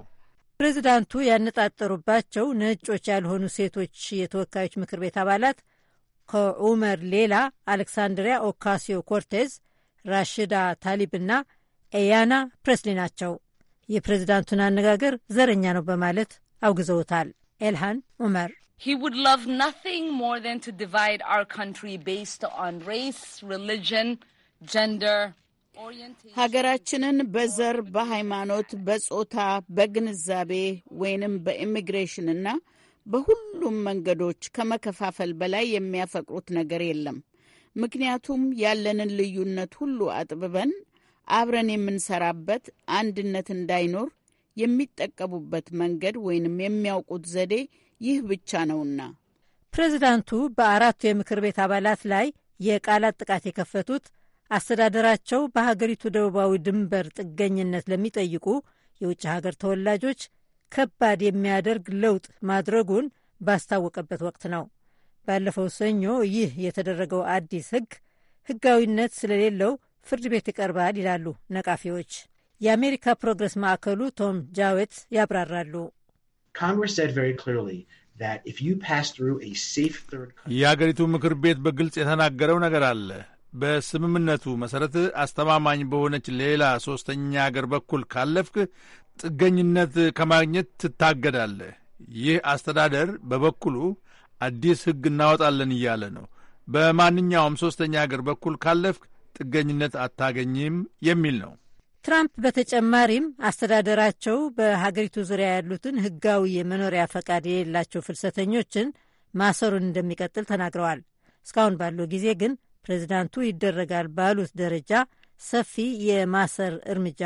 ፕሬዚዳንቱ ያነጣጠሩባቸው ነጮች ያልሆኑ ሴቶች የተወካዮች ምክር ቤት አባላት ከኡመር ሌላ አሌክሳንድሪያ ኦካሲዮ ኮርቴዝ፣ ራሽዳ ታሊብና ኤያና ፕሬስሊ ናቸው። የፕሬዚዳንቱን አነጋገር ዘረኛ ነው በማለት አውግዘውታል። ኤልሃን ዑመር He would love nothing more than to divide our country based on race, religion, gender, ሀገራችንን በዘር፣ በሃይማኖት፣ በጾታ፣ በግንዛቤ ወይንም በኢሚግሬሽንና በሁሉም መንገዶች ከመከፋፈል በላይ የሚያፈቅሩት ነገር የለም። ምክንያቱም ያለንን ልዩነት ሁሉ አጥብበን አብረን የምንሰራበት አንድነት እንዳይኖር የሚጠቀሙበት መንገድ ወይንም የሚያውቁት ዘዴ ይህ ብቻ ነውና ፕሬዚዳንቱ በአራቱ የምክር ቤት አባላት ላይ የቃላት ጥቃት የከፈቱት አስተዳደራቸው በሀገሪቱ ደቡባዊ ድንበር ጥገኝነት ለሚጠይቁ የውጭ ሀገር ተወላጆች ከባድ የሚያደርግ ለውጥ ማድረጉን ባስታወቀበት ወቅት ነው። ባለፈው ሰኞ ይህ የተደረገው አዲስ ህግ ህጋዊነት ስለሌለው ፍርድ ቤት ይቀርባል ይላሉ ነቃፊዎች። የአሜሪካ ፕሮግረስ ማዕከሉ ቶም ጃዌት ያብራራሉ። የአገሪቱ ምክር ቤት በግልጽ የተናገረው ነገር አለ። በስምምነቱ መሠረት አስተማማኝ በሆነች ሌላ ሦስተኛ አገር በኩል ካለፍክ ጥገኝነት ከማግኘት ትታገዳለህ። ይህ አስተዳደር በበኩሉ አዲስ ሕግ እናወጣለን እያለ ነው። በማንኛውም ሦስተኛ አገር በኩል ካለፍክ ጥገኝነት አታገኝም የሚል ነው። ትራምፕ በተጨማሪም አስተዳደራቸው በሀገሪቱ ዙሪያ ያሉትን ሕጋዊ የመኖሪያ ፈቃድ የሌላቸው ፍልሰተኞችን ማሰሩን እንደሚቀጥል ተናግረዋል። እስካሁን ባለው ጊዜ ግን ፕሬዚዳንቱ ይደረጋል ባሉት ደረጃ ሰፊ የማሰር እርምጃ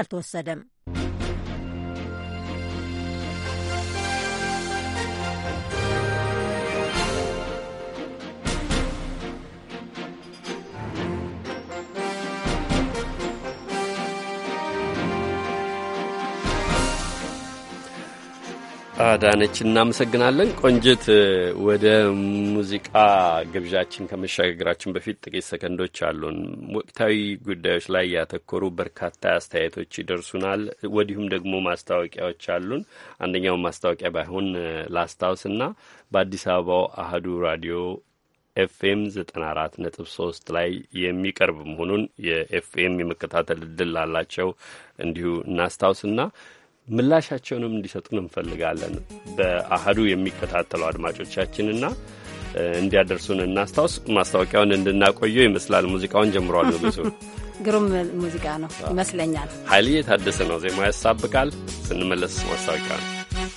አልተወሰደም። አዳነች እናመሰግናለን። ቆንጅት፣ ወደ ሙዚቃ ግብዣችን ከመሸጋገራችን በፊት ጥቂት ሰከንዶች አሉን። ወቅታዊ ጉዳዮች ላይ ያተኮሩ በርካታ አስተያየቶች ይደርሱናል። ወዲሁም ደግሞ ማስታወቂያዎች አሉን። አንደኛው ማስታወቂያ ባይሆን ላስታውስና በአዲስ አበባው አህዱ ራዲዮ ኤፍኤም 94.3 ላይ የሚቀርብ መሆኑን የኤፍኤም የመከታተል እድል ላላቸው እንዲሁ እናስታውስና ምላሻቸውንም እንዲሰጡን እንፈልጋለን። በአህዱ የሚከታተሉ አድማጮቻችንና እንዲያደርሱን እናስታውስ። ማስታወቂያውን እንድናቆየው ይመስላል። ሙዚቃውን ጀምሯል። ንጉሱ ግሩም ሙዚቃ ነው ይመስለኛል። ኃይልዬ የታደሰ ነው ዜማ ያሳብቃል። ስንመለስ ማስታወቂያ ነው።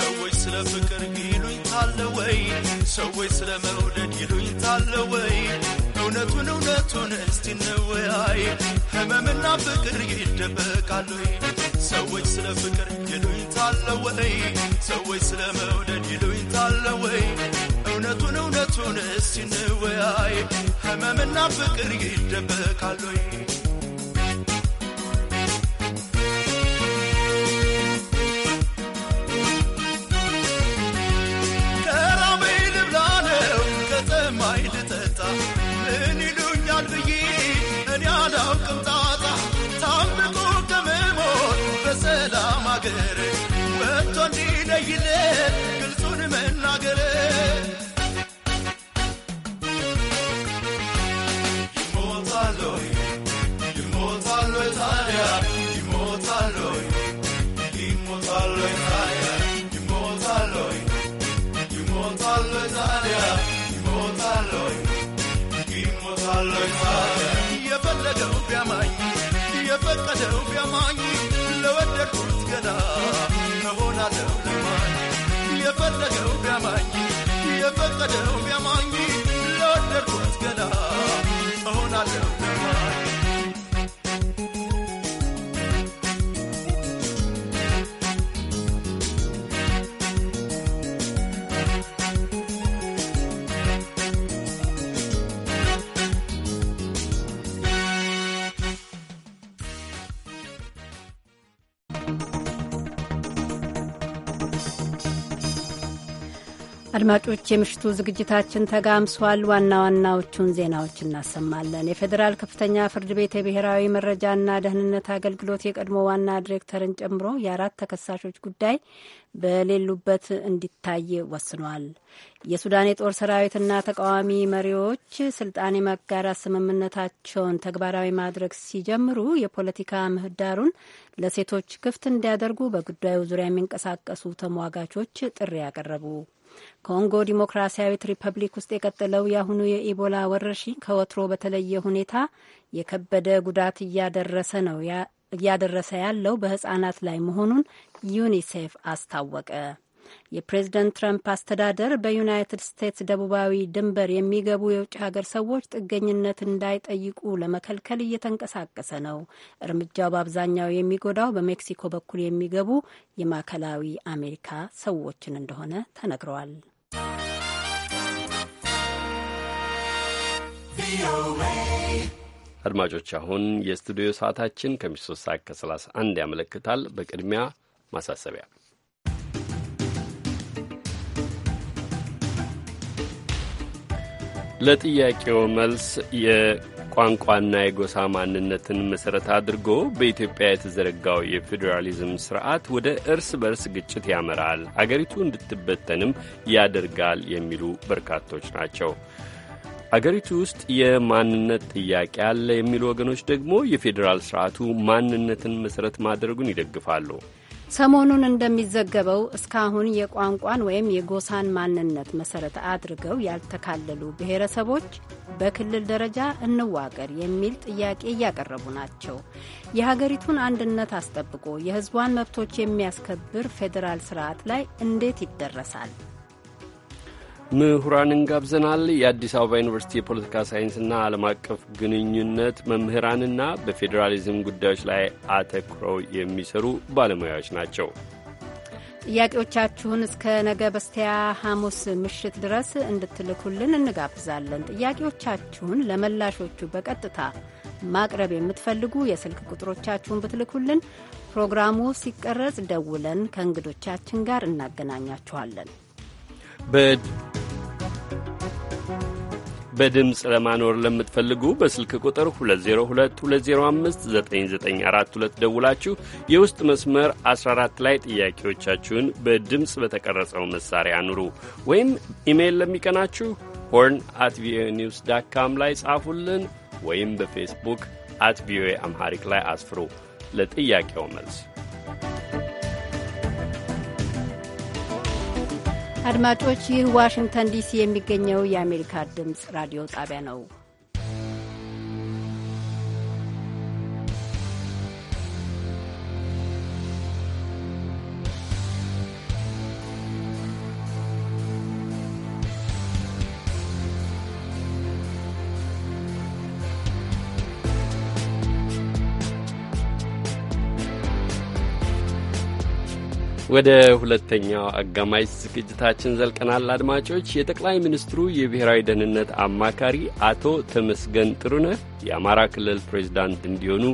ሰዎች ስለ ፍቅር ይሉኝ ታለ ወይ ሰዎች ስለ መውደድ እውነቱን እስቲ እንወያይ። ህመምና ፍቅር ይደበቃሉ። ሰዎች ስለ ፍቅር ይሉኝ ታለ ወይ? ሰዎች ስለ መውደድ ይሉኝ ወይ? እውነቱን እውነቱን እስቲ እንወያይ። ህመምና ፍቅር ይደበቃሉ። ገና እሆናለሁ ለማኝ የፈለገው ቢያማኝ የፈቀደው ቢያማኝ አድማጮች የምሽቱ ዝግጅታችን ተጋምሷል። ዋና ዋናዎቹን ዜናዎች እናሰማለን። የፌዴራል ከፍተኛ ፍርድ ቤት የብሔራዊ መረጃና ደህንነት አገልግሎት የቀድሞ ዋና ዲሬክተርን ጨምሮ የአራት ተከሳሾች ጉዳይ በሌሉበት እንዲታይ ወስኗል። የሱዳን የጦር ሰራዊትና ተቃዋሚ መሪዎች ስልጣን የማጋራት ስምምነታቸውን ተግባራዊ ማድረግ ሲጀምሩ የፖለቲካ ምህዳሩን ለሴቶች ክፍት እንዲያደርጉ በጉዳዩ ዙሪያ የሚንቀሳቀሱ ተሟጋቾች ጥሪ ያቀረቡ ኮንጎ ዲሞክራሲያዊት ሪፐብሊክ ውስጥ የቀጠለው የአሁኑ የኢቦላ ወረርሽኝ ከወትሮ በተለየ ሁኔታ የከበደ ጉዳት እያደረሰ ነው እያደረሰ ያለው በህጻናት ላይ መሆኑን ዩኒሴፍ አስታወቀ። የፕሬዝደንት ትረምፕ አስተዳደር በዩናይትድ ስቴትስ ደቡባዊ ድንበር የሚገቡ የውጭ ሀገር ሰዎች ጥገኝነት እንዳይጠይቁ ለመከልከል እየተንቀሳቀሰ ነው። እርምጃው በአብዛኛው የሚጎዳው በሜክሲኮ በኩል የሚገቡ የማዕከላዊ አሜሪካ ሰዎችን እንደሆነ ተነግረዋል። አድማጮች አሁን የስቱዲዮ ሰዓታችን ከምሽቱ ሶስት ሰዓት ከሰላሳ ያመለክታል። በቅድሚያ ማሳሰቢያ ለጥያቄው መልስ የቋንቋና የጎሳ ማንነትን መሠረት አድርጎ በኢትዮጵያ የተዘረጋው የፌዴራሊዝም ስርዓት ወደ እርስ በርስ ግጭት ያመራል፣ አገሪቱ እንድትበተንም ያደርጋል የሚሉ በርካቶች ናቸው። አገሪቱ ውስጥ የማንነት ጥያቄ አለ የሚሉ ወገኖች ደግሞ የፌዴራል ስርዓቱ ማንነትን መሠረት ማድረጉን ይደግፋሉ። ሰሞኑን እንደሚዘገበው እስካሁን የቋንቋን ወይም የጎሳን ማንነት መሰረት አድርገው ያልተካለሉ ብሔረሰቦች በክልል ደረጃ እንዋቀር የሚል ጥያቄ እያቀረቡ ናቸው። የሀገሪቱን አንድነት አስጠብቆ የሕዝቧን መብቶች የሚያስከብር ፌዴራል ስርዓት ላይ እንዴት ይደረሳል? ምሁራንን ጋብዘናል። የአዲስ አበባ ዩኒቨርሲቲ የፖለቲካ ሳይንስና ዓለም አቀፍ ግንኙነት መምህራንና በፌዴራሊዝም ጉዳዮች ላይ አተኩረው የሚሰሩ ባለሙያዎች ናቸው። ጥያቄዎቻችሁን እስከ ነገ በስቲያ ሐሙስ ምሽት ድረስ እንድትልኩልን እንጋብዛለን። ጥያቄዎቻችሁን ለመላሾቹ በቀጥታ ማቅረብ የምትፈልጉ የስልክ ቁጥሮቻችሁን ብትልኩልን ፕሮግራሙ ሲቀረጽ ደውለን ከእንግዶቻችን ጋር እናገናኛችኋለን። በድምፅ ለማኖር ለምትፈልጉ በስልክ ቁጥር 2022059942 ደውላችሁ የውስጥ መስመር 14 ላይ ጥያቄዎቻችሁን በድምፅ በተቀረጸው መሳሪያ አኑሩ። ወይም ኢሜይል ለሚቀናችሁ ሆርን አት ቪኦኤ ኒውስ ዳት ካም ላይ ጻፉልን፣ ወይም በፌስቡክ አት ቪኦኤ አምሃሪክ ላይ አስፍሩ። ለጥያቄው መልስ አድማጮች ይህ ዋሽንግተን ዲሲ የሚገኘው የአሜሪካ ድምፅ ራዲዮ ጣቢያ ነው። ወደ ሁለተኛው አጋማሽ ዝግጅታችን ዘልቀናል። አድማጮች፣ የጠቅላይ ሚኒስትሩ የብሔራዊ ደህንነት አማካሪ አቶ ተመስገን ጥሩነህ የአማራ ክልል ፕሬዚዳንት እንዲሆኑ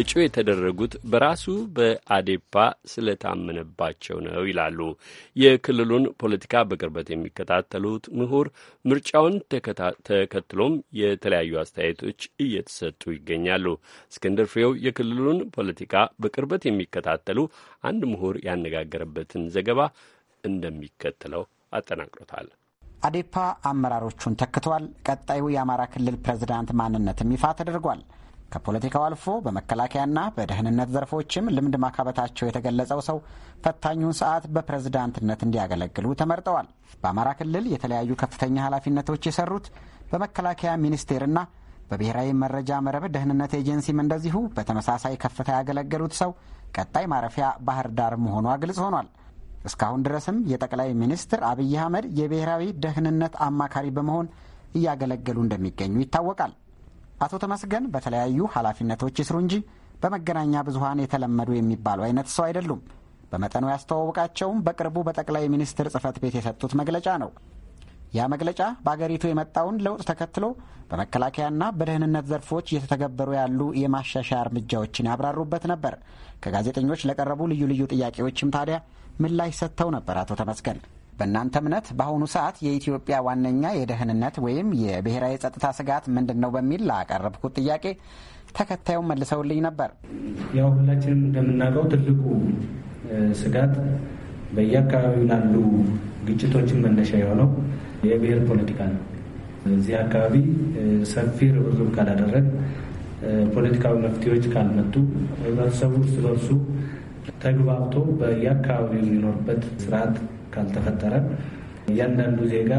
እጩ የተደረጉት በራሱ በአዴፓ ስለታመነባቸው ነው ይላሉ የክልሉን ፖለቲካ በቅርበት የሚከታተሉት ምሁር። ምርጫውን ተከትሎም የተለያዩ አስተያየቶች እየተሰጡ ይገኛሉ። እስክንድር ፍሬው የክልሉን ፖለቲካ በቅርበት የሚከታተሉ አንድ ምሁር ያነጋገረበትን ዘገባ እንደሚከተለው አጠናቅሮታል። አዴፓ አመራሮቹን ተክተዋል። ቀጣዩ የአማራ ክልል ፕሬዝዳንት ማንነትም ይፋ ተደርጓል። ከፖለቲካው አልፎ በመከላከያና በደህንነት ዘርፎችም ልምድ ማካበታቸው የተገለጸው ሰው ፈታኙን ሰዓት በፕሬዝዳንትነት እንዲያገለግሉ ተመርጠዋል። በአማራ ክልል የተለያዩ ከፍተኛ ኃላፊነቶች የሰሩት በመከላከያ ሚኒስቴርና በብሔራዊ መረጃ መረብ ደህንነት ኤጀንሲም እንደዚሁ በተመሳሳይ ከፍታ ያገለገሉት ሰው ቀጣይ ማረፊያ ባህር ዳር መሆኗ ግልጽ ሆኗል። እስካሁን ድረስም የጠቅላይ ሚኒስትር አብይ አህመድ የብሔራዊ ደህንነት አማካሪ በመሆን እያገለገሉ እንደሚገኙ ይታወቃል። አቶ ተመስገን በተለያዩ ኃላፊነቶች ይስሩ እንጂ በመገናኛ ብዙሀን የተለመዱ የሚባሉ አይነት ሰው አይደሉም። በመጠኑ ያስተዋወቃቸውም በቅርቡ በጠቅላይ ሚኒስትር ጽህፈት ቤት የሰጡት መግለጫ ነው። ያ መግለጫ በአገሪቱ የመጣውን ለውጥ ተከትሎ በመከላከያና በደህንነት ዘርፎች እየተተገበሩ ያሉ የማሻሻያ እርምጃዎችን ያብራሩበት ነበር። ከጋዜጠኞች ለቀረቡ ልዩ ልዩ ጥያቄዎችም ታዲያ ምላሽ ሰጥተው ነበር አቶ ተመስገን። በእናንተ እምነት በአሁኑ ሰዓት የኢትዮጵያ ዋነኛ የደህንነት ወይም የብሔራዊ ጸጥታ ስጋት ምንድን ነው በሚል ላቀረብኩት ጥያቄ ተከታዩን መልሰውልኝ ነበር። ያው ሁላችንም እንደምናውቀው ትልቁ ስጋት በየአካባቢው ላሉ ግጭቶችን መነሻ የሆነው የብሔር ፖለቲካ ነው። እዚህ አካባቢ ሰፊ ርብርብ ካላደረግ፣ ፖለቲካዊ መፍትሄዎች ካልመጡ፣ ህብረተሰቡ እርስ በርሱ ተግባብቶ በየአካባቢው የሚኖርበት ስርዓት ካልተፈጠረ እያንዳንዱ ዜጋ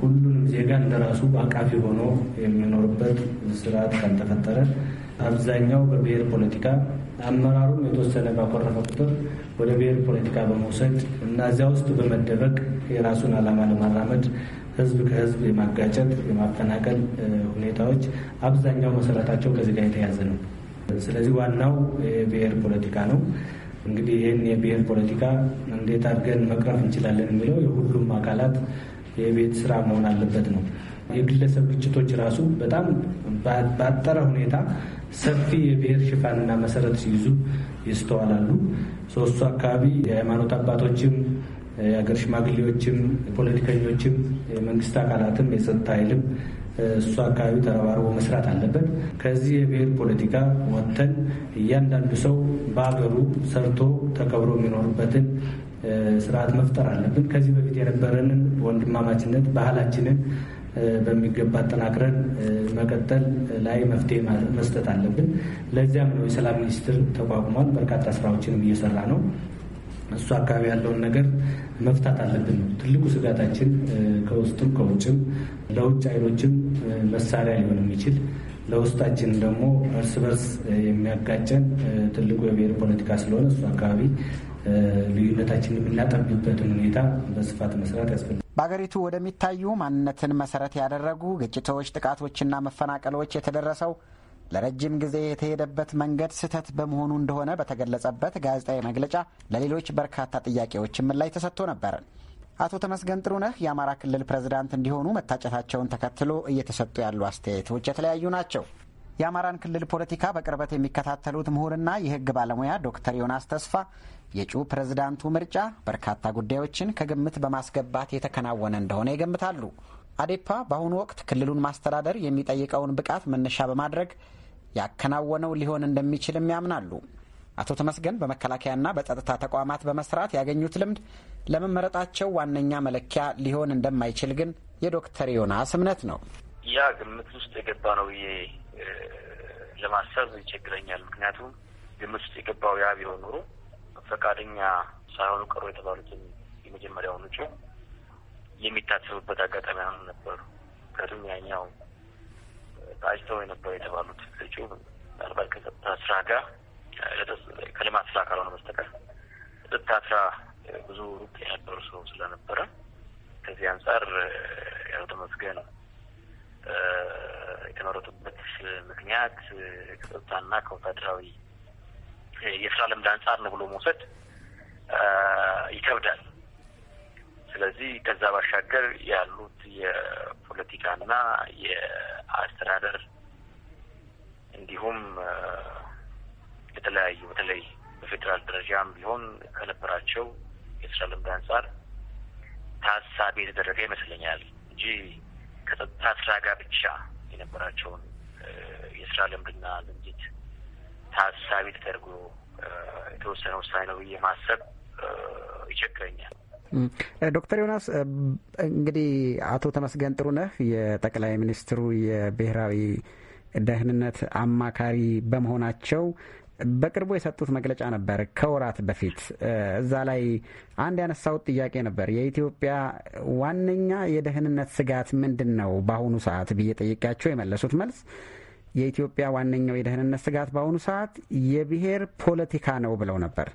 ሁሉንም ዜጋ እንደራሱ አቃፊ ሆኖ የሚኖርበት ስርዓት ካልተፈጠረ አብዛኛው በብሔር ፖለቲካ አመራሩም የተወሰነ ባኮረፈ ቁጥር ወደ ብሔር ፖለቲካ በመውሰድ እና እዚያ ውስጥ በመደበቅ የራሱን ዓላማ ለማራመድ ህዝብ ከህዝብ የማጋጨት የማፈናቀል ሁኔታዎች አብዛኛው መሰረታቸው ከዚህ ጋር የተያያዘ ነው። ስለዚህ ዋናው የብሔር ፖለቲካ ነው። እንግዲህ ይህን የብሔር ፖለቲካ እንዴት አድርገን መቅረፍ እንችላለን የሚለው የሁሉም አካላት የቤት ስራ መሆን አለበት ነው። የግለሰብ ግጭቶች ራሱ በጣም ባጠረ ሁኔታ ሰፊ የብሔር ሽፋንና መሰረት ሲይዙ ይስተዋላሉ። ሶስቱ አካባቢ የሃይማኖት አባቶችም የሀገር ሽማግሌዎችም የፖለቲከኞችም የመንግስት አካላትም የጸጥታ ኃይልም እሱ አካባቢ ተረባርቦ መስራት አለበት። ከዚህ የብሔር ፖለቲካ ወጥተን እያንዳንዱ ሰው በሀገሩ ሰርቶ ተከብሮ የሚኖርበትን ስርዓት መፍጠር አለብን። ከዚህ በፊት የነበረንን ወንድማማችነት ባህላችንን በሚገባ አጠናክረን መቀጠል ላይ መፍትሄ መስጠት አለብን። ለዚያም ነው የሰላም ሚኒስቴር ተቋቁሟል። በርካታ ስራዎችንም እየሰራ ነው። እሱ አካባቢ ያለውን ነገር መፍታት አለብን ነው ትልቁ ስጋታችን። ከውስጥም ከውጭም ለውጭ ኃይሎችም መሳሪያ ሊሆን የሚችል ለውስጣችን ደግሞ እርስ በርስ የሚያጋጨን ትልቁ የብሔር ፖለቲካ ስለሆነ እሱ አካባቢ ልዩነታችን የምናጠብበትን ሁኔታ በስፋት መስራት ያስፈልጋል። በሀገሪቱ ወደሚታዩ ማንነትን መሰረት ያደረጉ ግጭቶች፣ ጥቃቶችና መፈናቀሎች የተደረሰው ለረጅም ጊዜ የተሄደበት መንገድ ስህተት በመሆኑ እንደሆነ በተገለጸበት ጋዜጣዊ መግለጫ ለሌሎች በርካታ ጥያቄዎች ላይ ተሰጥቶ ነበር። አቶ ተመስገን ጥሩነህ የአማራ ክልል ፕሬዝዳንት እንዲሆኑ መታጨታቸውን ተከትሎ እየተሰጡ ያሉ አስተያየቶች የተለያዩ ናቸው። የአማራን ክልል ፖለቲካ በቅርበት የሚከታተሉት ምሁርና የሕግ ባለሙያ ዶክተር ዮናስ ተስፋ የጩ ፕሬዝዳንቱ ምርጫ በርካታ ጉዳዮችን ከግምት በማስገባት የተከናወነ እንደሆነ ይገምታሉ። አዴፓ በአሁኑ ወቅት ክልሉን ማስተዳደር የሚጠይቀውን ብቃት መነሻ በማድረግ ያከናወነው ሊሆን እንደሚችልም ያምናሉ። አቶ ተመስገን በመከላከያና በጸጥታ ተቋማት በመስራት ያገኙት ልምድ ለመመረጣቸው ዋነኛ መለኪያ ሊሆን እንደማይችል ግን የዶክተር ዮናስ እምነት ነው። ያ ግምት ውስጥ የገባ ነው ብዬ ለማሰብ ይቸግረኛል። ምክንያቱም ግምት ውስጥ የገባው ያ ቢሆን ኑሮ ፈቃደኛ ሳይሆኑ ቀሩ የተባሉትን የመጀመሪያውን እጩ የሚታሰቡበት አጋጣሚ አሁን ነበሩ። ምክንያቱም ያኛው ታጭተው የነበሩ የተባሉት እጩ ምናልባት ከጸጥታ ስራ ጋር ከልማት ስራ ካልሆነ በስተቀር ጸጥታ ስራ ብዙ ሩቅ የነበሩ ሰው ስለነበረ ከዚህ አንጻር ያው ተመስገን የተመረጡበት ምክንያት ከጸጥታና ከወታደራዊ የስራ ልምድ አንጻር ነው ብሎ መውሰድ ይከብዳል። ስለዚህ ከዛ ባሻገር ያሉት የፖለቲካና የአስተዳደር እንዲሁም የተለያዩ በተለይ በፌዴራል ደረጃም ቢሆን ከነበራቸው የስራ ልምድ አንጻር ታሳቢ የተደረገ ይመስለኛል እንጂ ከጸጥታ ስራ ጋር ብቻ የነበራቸውን የስራ ልምድና ልምጅት ታሳቢ ተደርጎ የተወሰነ ውሳኔ ነው ብዬ ማሰብ ይቸግረኛል። ዶክተር ዮናስ እንግዲህ አቶ ተመስገን ጥሩነህ የጠቅላይ ሚኒስትሩ የብሔራዊ ደህንነት አማካሪ በመሆናቸው በቅርቡ የሰጡት መግለጫ ነበር ከወራት በፊት። እዛ ላይ አንድ ያነሳሁት ጥያቄ ነበር። የኢትዮጵያ ዋነኛ የደህንነት ስጋት ምንድን ነው በአሁኑ ሰዓት ብዬ ጠይቄያቸው የመለሱት መልስ የኢትዮጵያ ዋነኛው የደህንነት ስጋት በአሁኑ ሰዓት የብሔር ፖለቲካ ነው ብለው ነበር።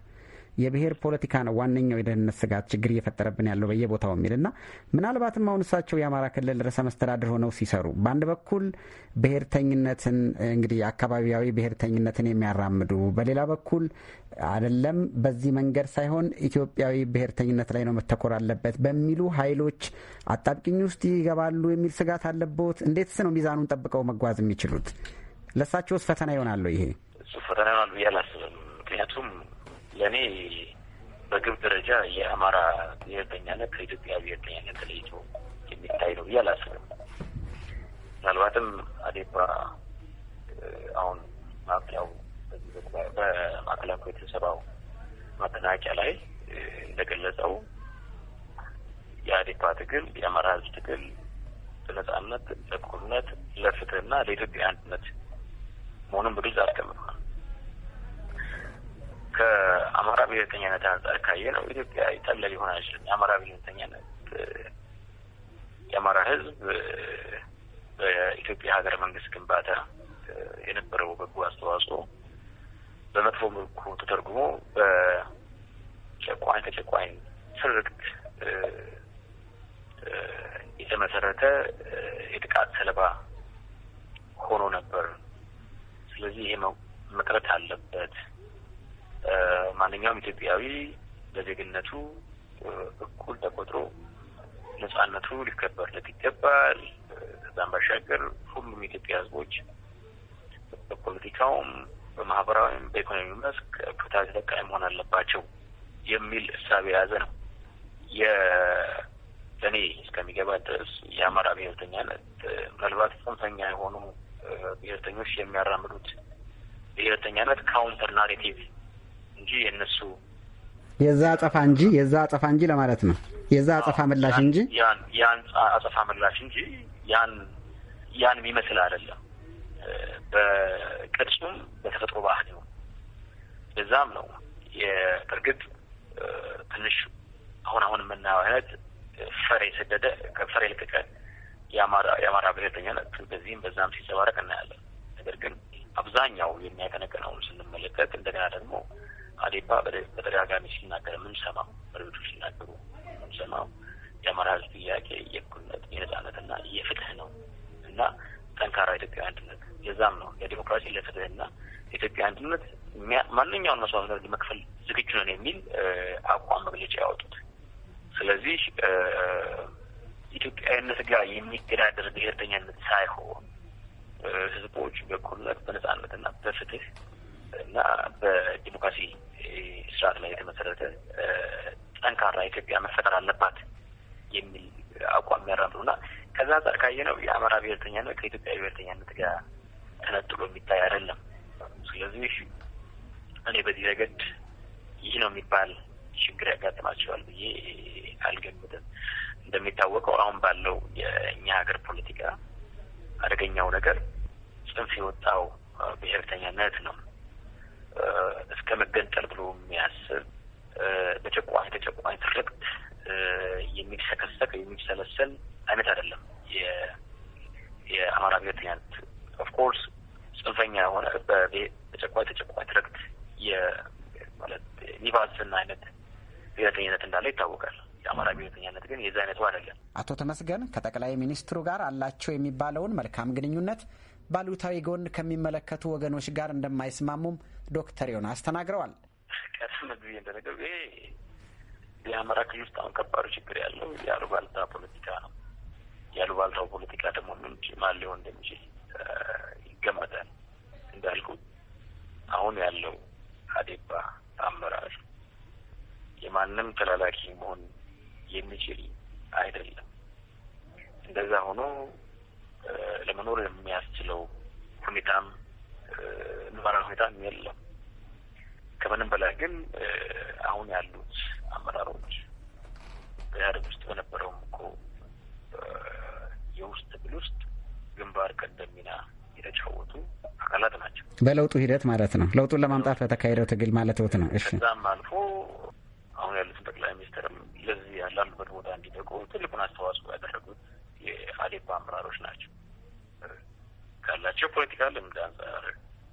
የብሔር ፖለቲካ ነው ዋነኛው የደህንነት ስጋት ችግር እየፈጠረብን ያለው በየቦታው የሚልና ምናልባትም አሁን እሳቸው የአማራ ክልል ርዕሰ መስተዳድር ሆነው ሲሰሩ በአንድ በኩል ብሔርተኝነትን እንግዲህ አካባቢያዊ ብሔርተኝነትን የሚያራምዱ በሌላ በኩል አይደለም በዚህ መንገድ ሳይሆን ኢትዮጵያዊ ብሔርተኝነት ላይ ነው መተኮር አለበት በሚሉ ኃይሎች አጣብቂኝ ውስጥ ይገባሉ የሚል ስጋት አለቦት። እንዴትስ ነው ሚዛኑን ጠብቀው መጓዝ የሚችሉት? ለእሳቸውስ ፈተና ይሆናሉ? ይሄ እሱ ፈተና ይሆናሉ ብዬ አላስብም። ምክንያቱም ለእኔ በግብ ደረጃ የአማራ ብሔርተኛነት ከኢትዮጵያ ብሔርተኛነት ተለይቶ የሚታይ ነው ብዬ አላስብም። ምናልባትም አዴፓ አሁን ማቅላው በማዕከላዊ የተሰራው ማጠናቂያ ላይ እንደገለጸው የአዴፓ ትግል የአማራ ሕዝብ ትግል ለነጻነት፣ ለእኩልነት፣ ለፍትህና ለኢትዮጵያ አንድነት መሆኑን በግልጽ አስቀምጠዋል። ከአማራ ብሔርተኛነት አንጻር ካየ ነው ኢትዮጵያ ጠለል ሊሆን አይችልም። የአማራ ብሔርተኛነት የአማራ ህዝብ በኢትዮጵያ ሀገረ መንግስት ግንባታ የነበረው በጎ አስተዋጽኦ በመጥፎ መልኩ ተተርጉሞ በጨቋኝ ተጨቋኝ ስርቅት የተመሰረተ የጥቃት ሰለባ ሆኖ ነበር። ስለዚህ ይሄ መቅረት አለበት። ማንኛውም ኢትዮጵያዊ በዜግነቱ እኩል ተቆጥሮ ነጻነቱ ሊከበርለት ይገባል። ከዛም ባሻገር ሁሉም የኢትዮጵያ ሕዝቦች በፖለቲካውም፣ በማህበራዊም፣ በኢኮኖሚ መስክ ፍትሐ ተጠቃሚ መሆን አለባቸው የሚል እሳቤ የያዘ ነው። የእኔ እስከሚገባ ድረስ የአማራ ብሔርተኛነት ምናልባት ጽንፈኛ የሆኑ ብሔርተኞች የሚያራምዱት ብሔርተኛነት ካውንተር ናሬቲቭ እንጂ የእነሱ የዛ አጸፋ እንጂ የዛ አጸፋ እንጂ ለማለት ነው። የዛ አጸፋ ምላሽ እንጂ ያን አጸፋ ምላሽ እንጂ ያን ያን የሚመስል አይደለም። በቅርጹም በተፈጥሮ ነው ለዛም ነው የእርግጥ ትንሽ አሁን አሁን የምናየው አይነት ፈሬ የሰደደ ከፈሬ የለቀቀ የአማራ ብሔርተኛነት በዚህም በዛም ሲጸባረቅ እናያለን። ነገር ግን አብዛኛው የሚያቀነቅነውን ስንመለከት እንደገና ደግሞ አዴፓ በተደጋጋሚ ሲናገር የምንሰማው መሪዎቹ ሲናገሩ የምንሰማው የአማራ ሕዝብ ጥያቄ የእኩልነት የነጻነትና የፍትህ ነው እና ጠንካራ ኢትዮጵያ አንድነት የዛም ነው ለዲሞክራሲ ለፍትህና ኢትዮጵያ አንድነት ማንኛውን መስዋዕትነት ለመክፈል ዝግጁ ነን የሚል አቋም መግለጫ ያወጡት። ስለዚህ ኢትዮጵያዊነት ጋር የሚገዳደር ብሔርተኛነት ሳይሆን ህዝቦች በእኩልነት በነጻነትና በፍትህ እና በዲሞክራሲ ስርዓት ላይ የተመሰረተ ጠንካራ ኢትዮጵያ መፈጠር አለባት የሚል አቋም የሚያራምዱና ከዛ አንጻር ነው የአማራ ብሔርተኛነት ከኢትዮጵያ ብሔርተኛነት ጋር ተነጥሎ የሚታይ አይደለም። ስለዚህ እኔ በዚህ ረገድ ይህ ነው የሚባል ችግር ያጋጥማቸዋል ብዬ አልገምትም። እንደሚታወቀው አሁን ባለው የእኛ ሀገር ፖለቲካ አደገኛው ነገር ጽንፍ የወጣው ብሔርተኛነት ነው። እስከ መገንጠል ብሎ የሚያስብ በጨቋኝ ተጨቋኝ ትርክት የሚሰከሰቅ የሚሰለሰል አይነት አይደለም። የአማራ ብሔርተኛነት ኦፍኮርስ ጽንፈኛ የሆነ በጨቋኝ ተጨቋኝ ትርክት ማለት ኒቫልስና አይነት ብሔርተኝነት እንዳለ ይታወቃል። የአማራ ብሔርተኛነት ግን የዚ አይነቱ አይደለም። አቶ ተመስገን ከጠቅላይ ሚኒስትሩ ጋር አላቸው የሚባለውን መልካም ግንኙነት ባሉታዊ ጎን ከሚመለከቱ ወገኖች ጋር እንደማይስማሙም ዶክተር ዮናስ ተናግረዋል። ቀደም ብዬ እንደነገሩ ይሄ የአማራ ክልል ውስጥ አሁን ከባዱ ችግር ያለው የአሉባልታ ፖለቲካ ነው። የአሉባልታው ፖለቲካ ደግሞ ምንጭ ማን ሊሆን እንደሚችል ይገመታል። እንዳልኩ አሁን ያለው አዴባ አመራር የማንም ተላላኪ መሆን የሚችል አይደለም። እንደዛ ሆኖ ለመኖር የሚያስችለው ሁኔታም ነባራዊ ሁኔታም የለም። ከምንም በላይ ግን አሁን ያሉት አመራሮች በኢህአዴግ ውስጥ በነበረውም እኮ የውስጥ ትግል ውስጥ ግንባር ቀደም ሚና የተጫወቱ አካላት ናቸው። በለውጡ ሂደት ማለት ነው። ለውጡን ለማምጣት በተካሄደው ትግል ማለት ነው። እሺ፣ ከዛም አልፎ አሁን ያሉትን ጠቅላይ ሚኒስትርም ለዚህ ያላሉበት ቦታ እንዲጠቁ ትልቁን አስተዋጽኦ ያደረጉት የአዴፓ አመራሮች ናቸው። ካላቸው ፖለቲካ ልምድ አንጻር፣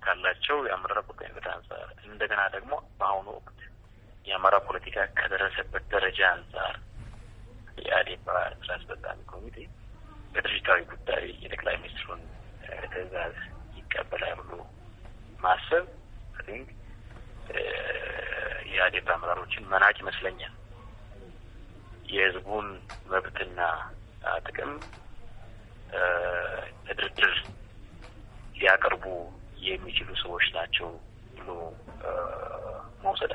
ካላቸው የአመራር ቁርጠኝነት አንጻር፣ እንደገና ደግሞ በአሁኑ ወቅት የአማራ ፖለቲካ ከደረሰበት ደረጃ አንጻር የአዴፓ ስራ አስፈጻሚ ኮሚቴ በድርጅታዊ ጉዳይ የጠቅላይ ሚኒስትሩን ትዕዛዝ ይቀበላል ብሎ ማሰብ ቲንክ የአዴፓ አመራሮችን መናቅ ይመስለኛል። የህዝቡን መብትና ጥቅም ለድርድር ሊያቀርቡ የሚችሉ ሰዎች ናቸው ብሎ መውሰድ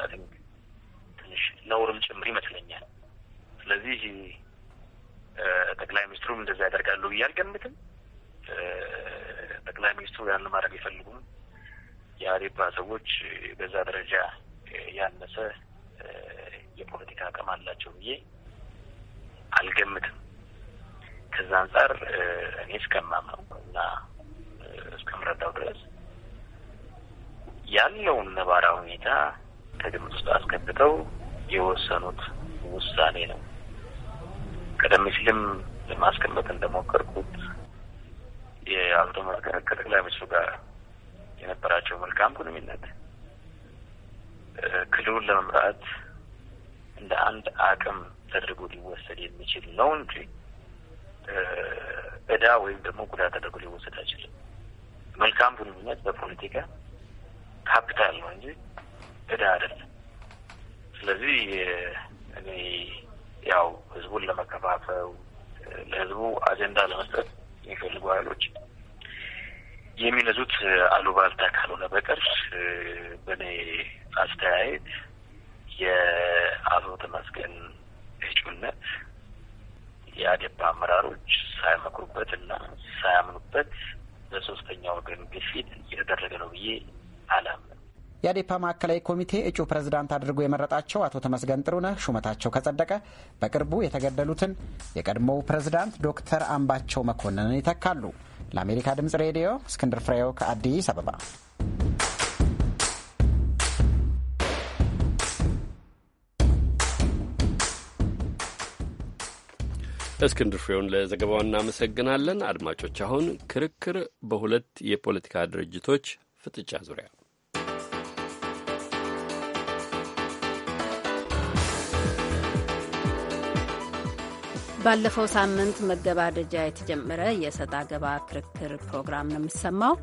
ትንሽ ነውርም ጭምር ይመስለኛል። ስለዚህ ጠቅላይ ሚኒስትሩም እንደዛ ያደርጋሉ ብዬ አልገምትም። ጠቅላይ ሚኒስትሩ ያን ማድረግ ይፈልጉም። የአዴፓ ሰዎች በዛ ደረጃ ያነሰ የፖለቲካ አቅም አላቸው ብዬ አልገምትም። ከዛ አንጻር እኔ እስከማምነው እና እስከምረዳው ድረስ ያለውን ነባራዊ ሁኔታ ከግምት ውስጥ አስገብተው የወሰኑት ውሳኔ ነው። ቀደም ሲልም ለማስቀመጥ እንደሞከርኩት የአቶ መዝገር ከጠቅላይ ሚኒስትሩ ጋር የነበራቸው መልካም ግንኙነት ክልሉን ለመምራት እንደ አንድ አቅም ተደርጎ ሊወሰድ የሚችል ነው እንጂ እዳ ወይም ደግሞ ጉዳት ተደርጎ ሊወሰድ አይችልም። መልካም ግንኙነት በፖለቲካ ካፒታል ነው እንጂ እዳ አይደለም። ስለዚህ እኔ ያው ህዝቡን ለመከፋፈው ለህዝቡ አጀንዳ ለመስጠት የሚፈልጉ ኃይሎች የሚነዙት አሉባልታ ካልሆነ በቀር በእኔ አስተያየት የአቶ ተመስገን እጩነት የአዴፓ አመራሮች እና ሳያምኑበት በሶስተኛ ወገን ግፊት እየተደረገ ነው ብዬ አላምንም። የአዴፓ ማዕከላዊ ኮሚቴ እጩ ፕሬዝዳንት አድርጎ የመረጣቸው አቶ ተመስገን ጥሩነህ ሹመታቸው ከጸደቀ በቅርቡ የተገደሉትን የቀድሞው ፕሬዝዳንት ዶክተር አምባቸው መኮንንን ይተካሉ። ለአሜሪካ ድምጽ ሬዲዮ እስክንድር ፍሬው ከአዲስ አበባ እስክንድር ፍሬውን ለዘገባው እናመሰግናለን። አድማጮች፣ አሁን ክርክር በሁለት የፖለቲካ ድርጅቶች ፍጥጫ ዙሪያ ባለፈው ሳምንት መገባደጃ የተጀመረ የሰጣ ገባ ክርክር ፕሮግራም ነው የሚሰማው።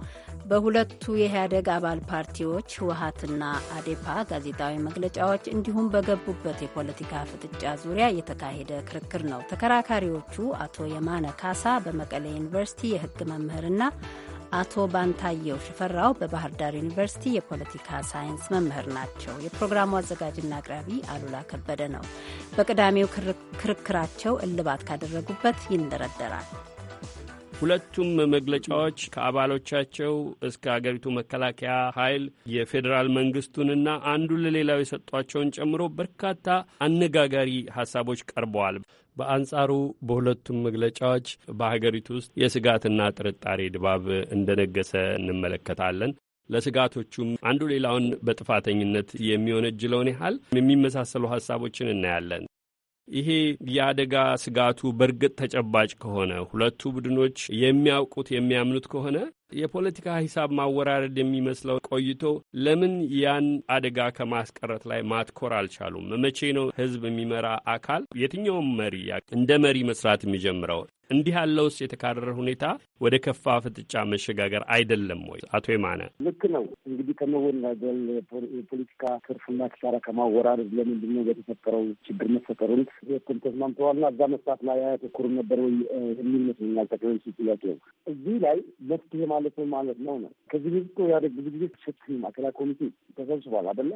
በሁለቱ የኢህአዴግ አባል ፓርቲዎች ህወሀትና አዴፓ ጋዜጣዊ መግለጫዎች እንዲሁም በገቡበት የፖለቲካ ፍጥጫ ዙሪያ የተካሄደ ክርክር ነው። ተከራካሪዎቹ አቶ የማነ ካሳ በመቀሌ ዩኒቨርሲቲ የህግ መምህርና አቶ ባንታየው ሽፈራው በባህር ዳር ዩኒቨርሲቲ የፖለቲካ ሳይንስ መምህር ናቸው። የፕሮግራሙ አዘጋጅና አቅራቢ አሉላ ከበደ ነው። በቅዳሜው ክርክራቸው እልባት ካደረጉበት ይንደረደራል። ሁለቱም መግለጫዎች ከአባሎቻቸው እስከ አገሪቱ መከላከያ ኃይል የፌዴራል መንግስቱንና አንዱ ለሌላው የሰጧቸውን ጨምሮ በርካታ አነጋጋሪ ሀሳቦች ቀርበዋል። በአንጻሩ በሁለቱም መግለጫዎች በሀገሪቱ ውስጥ የስጋትና ጥርጣሬ ድባብ እንደነገሰ እንመለከታለን። ለስጋቶቹም አንዱ ሌላውን በጥፋተኝነት የሚወነጅለውን ያህል የሚመሳሰሉ ሀሳቦችን እናያለን። ይሄ የአደጋ ስጋቱ በእርግጥ ተጨባጭ ከሆነ ሁለቱ ቡድኖች የሚያውቁት የሚያምኑት ከሆነ የፖለቲካ ሂሳብ ማወራረድ የሚመስለው ቆይቶ ለምን ያን አደጋ ከማስቀረት ላይ ማትኮር አልቻሉም? መቼ ነው ህዝብ የሚመራ አካል የትኛውም መሪ እንደ መሪ መስራት የሚጀምረው? እንዲህ ያለውስ የተካረረ ሁኔታ ወደ ከፋ ፍጥጫ መሸጋገር አይደለም ወይ? አቶ የማነ ልክ ነው። እንግዲህ ከመወናገል የፖለቲካ ትርፍና ኪሳራ ከማወራረድ ለምንድን ነው በተፈጠረው ችግር መፈጠሩን ሁለቱም ተስማምተዋልና እዛ መስራት ላይ አያተኩርም ነበር ወይ የሚል መስለኛል። ጥያቄ ነው። እዚህ ላይ መፍትሄ ማለት ነው ማለት ነው ነው ከዚህ ብዙ ያደግ ብዙ ጊዜ ስት ማዕከላዊ ኮሚቴ ተሰብስቧል አደለ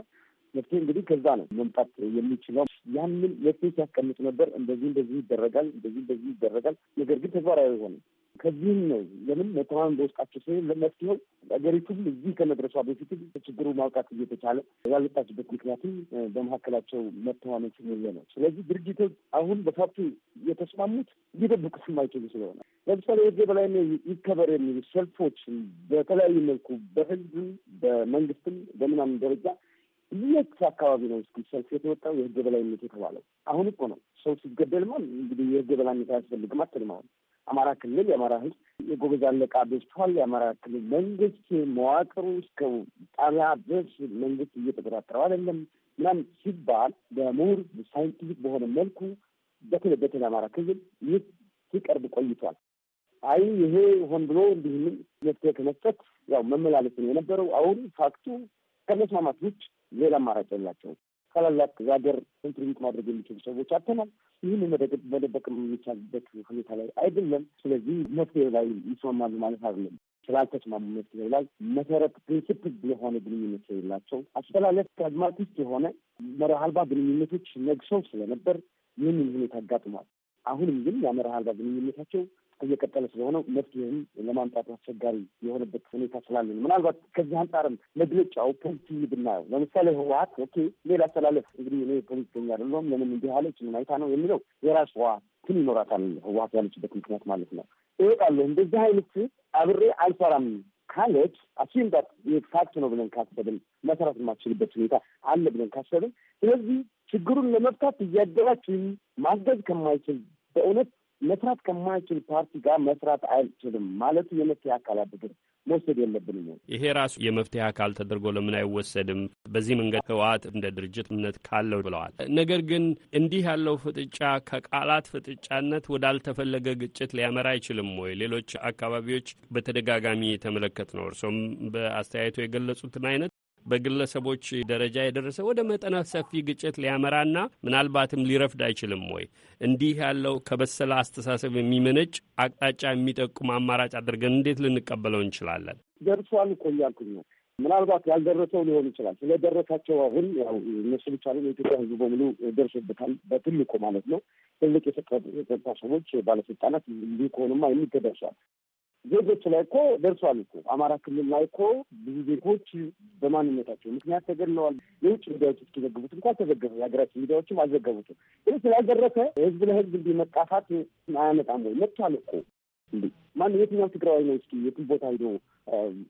መፍትሄ እንግዲህ ከዛ ነው መምጣት የሚችለው። ያንን መፍትሄ ሲያስቀምጥ ነበር። እንደዚህ እንደዚህ ይደረጋል፣ እንደዚህ እንደዚህ ይደረጋል። ነገር ግን ተግባራዊ አይሆንም። ከዚህም ነው ለምን መተማመን በውስጣቸው ሲሆን ለመፍትሄው ሀገሪቱም እዚህ ከመድረሷ በፊት ችግሩ ማውጣት እየተቻለ ያልወጣችበት ምክንያቱም በመካከላቸው መተማመን ስለሌለ ነው። ስለዚህ ድርጅቶች አሁን በፋቱ የተስማሙት ሊጠብቁ ስማይችሉ ስለሆነ ለምሳሌ የህግ በላይ ይከበር የሚሉ ሰልፎች በተለያዩ መልኩ በህዝብም በመንግስትም በምናምን ደረጃ የት አካባቢ ነው እስኪ ሰልፍ የተወጣው የህግ በላይነት የተባለው? አሁን እኮ ነው ሰው ሲገደልማ እንግዲህ የህግ በላይነት አያስፈልግም አትልም። አሁን አማራ ክልል የአማራ ህዝብ የጎበዝ አለቃ በዝቷል። የአማራ ክልል መንግስት መዋቅሩ እስከ ጣቢያ ድረስ መንግስት እየተቆጣጠረው አይደለም ምናምን ሲባል በምሁር ሳይንቲፊክ በሆነ መልኩ በተለይ በተለይ አማራ ክልል ይህ ሲቀርብ ቆይቷል። አይ ይሄ ሆን ብሎ እንዲህም መፍትሄ ከመስጠት ያው መመላለስ ነው የነበረው። አሁን ፋክቱ ከመስማማት ውጭ ሌላ አማራጭ የላቸው ካላላ ሀገር ኮንትሪቢዩት ማድረግ የሚችሉ ሰዎች አተናል። ይህን መደበቅ የሚቻልበት ሁኔታ ላይ አይደለም። ስለዚህ መፍትሄ ላይ ይስማማሉ ማለት አይደለም። ስላልተስማሙ መፍትሄ ላይ መሰረት ፕሪንስፕል የሆነ ግንኙነት የላቸው አስተላለፍ ፕራግማቲስት የሆነ መርህ አልባ ግንኙነቶች ነግሰው ስለነበር ይህንን ሁኔታ አጋጥሟል። አሁንም ግን ያ አልባ ግንኙነታቸው እየቀጠለ ስለሆነ መፍትሄም ለማምጣት አስቸጋሪ የሆነበት ሁኔታ ስላለን ምናልባት ከዚህ አንጻርም መግለጫው ፖዚቲቭ ብናየው ለምሳሌ ህወሀት ኦኬ ሌላ አስተላለፍ እንግዲህ እኔ ፖለቲከኛ አይደለሁም ለምን እንዲህ አለች ምን አይታ ነው የሚለው የራሷ ትን ይኖራታል ህወሀት ያለችበት ምክንያት ማለት ነው። እወጣለሁ እንደዚህ አይነት አብሬ አልሰራም ካለች አሲም ዳት ፋክት ነው ብለን ካሰብን መሰራት የማችልበት ሁኔታ አለ ብለን ካሰብን፣ ስለዚህ ችግሩን ለመፍታት እያደራችን ማገዝ ከማይችል በእውነት መስራት ከማይችል ፓርቲ ጋር መስራት አይችልም ማለቱ የመፍትሄ አካል አድርገን መውሰድ የለብንም። ይሄ ራሱ የመፍትሄ አካል ተደርጎ ለምን አይወሰድም? በዚህ መንገድ ህወሓት እንደ ድርጅት እምነት ካለው ብለዋል። ነገር ግን እንዲህ ያለው ፍጥጫ ከቃላት ፍጥጫነት ወዳልተፈለገ ግጭት ሊያመራ አይችልም ወይ? ሌሎች አካባቢዎች በተደጋጋሚ የተመለከት ነው። እርሶም በአስተያየቱ የገለጹትን አይነት በግለሰቦች ደረጃ የደረሰ ወደ መጠነ ሰፊ ግጭት ሊያመራና ምናልባትም ሊረፍድ አይችልም ወይ? እንዲህ ያለው ከበሰለ አስተሳሰብ የሚመነጭ አቅጣጫ የሚጠቁም አማራጭ አድርገን እንዴት ልንቀበለው እንችላለን? ደርሷል እኮ እያልኩኝ ነው። ምናልባት ያልደረሰው ሊሆን ይችላል። ስለደረሳቸው አሁን ያው እነሱ ብቻ ነው፣ የኢትዮጵያ ሕዝብ በሙሉ ደርሶበታል። በትልቁ ማለት ነው። ትልቅ የጸጥታ ሰዎች ባለስልጣናት ሊሆንማ የሚገደርሷል ዜጎች ላይ እኮ ደርሷል እኮ አማራ ክልል ላይ እኮ ብዙ ዜጎች በማንነታቸው ምክንያት ተገድለዋል። የውጭ ሚዲያዎች እስኪዘግቡት እንኳ አልተዘገበ፣ የሀገራችን ሚዲያዎችም አልዘገቡትም። ይህ ስላልደረሰ ህዝብ ለህዝብ እንዲህ መጣፋት አያመጣም ወይ? መጥቷል እኮ ማን የትኛው ትግራዊ ነው እስኪ የትም ቦታ ሂዶ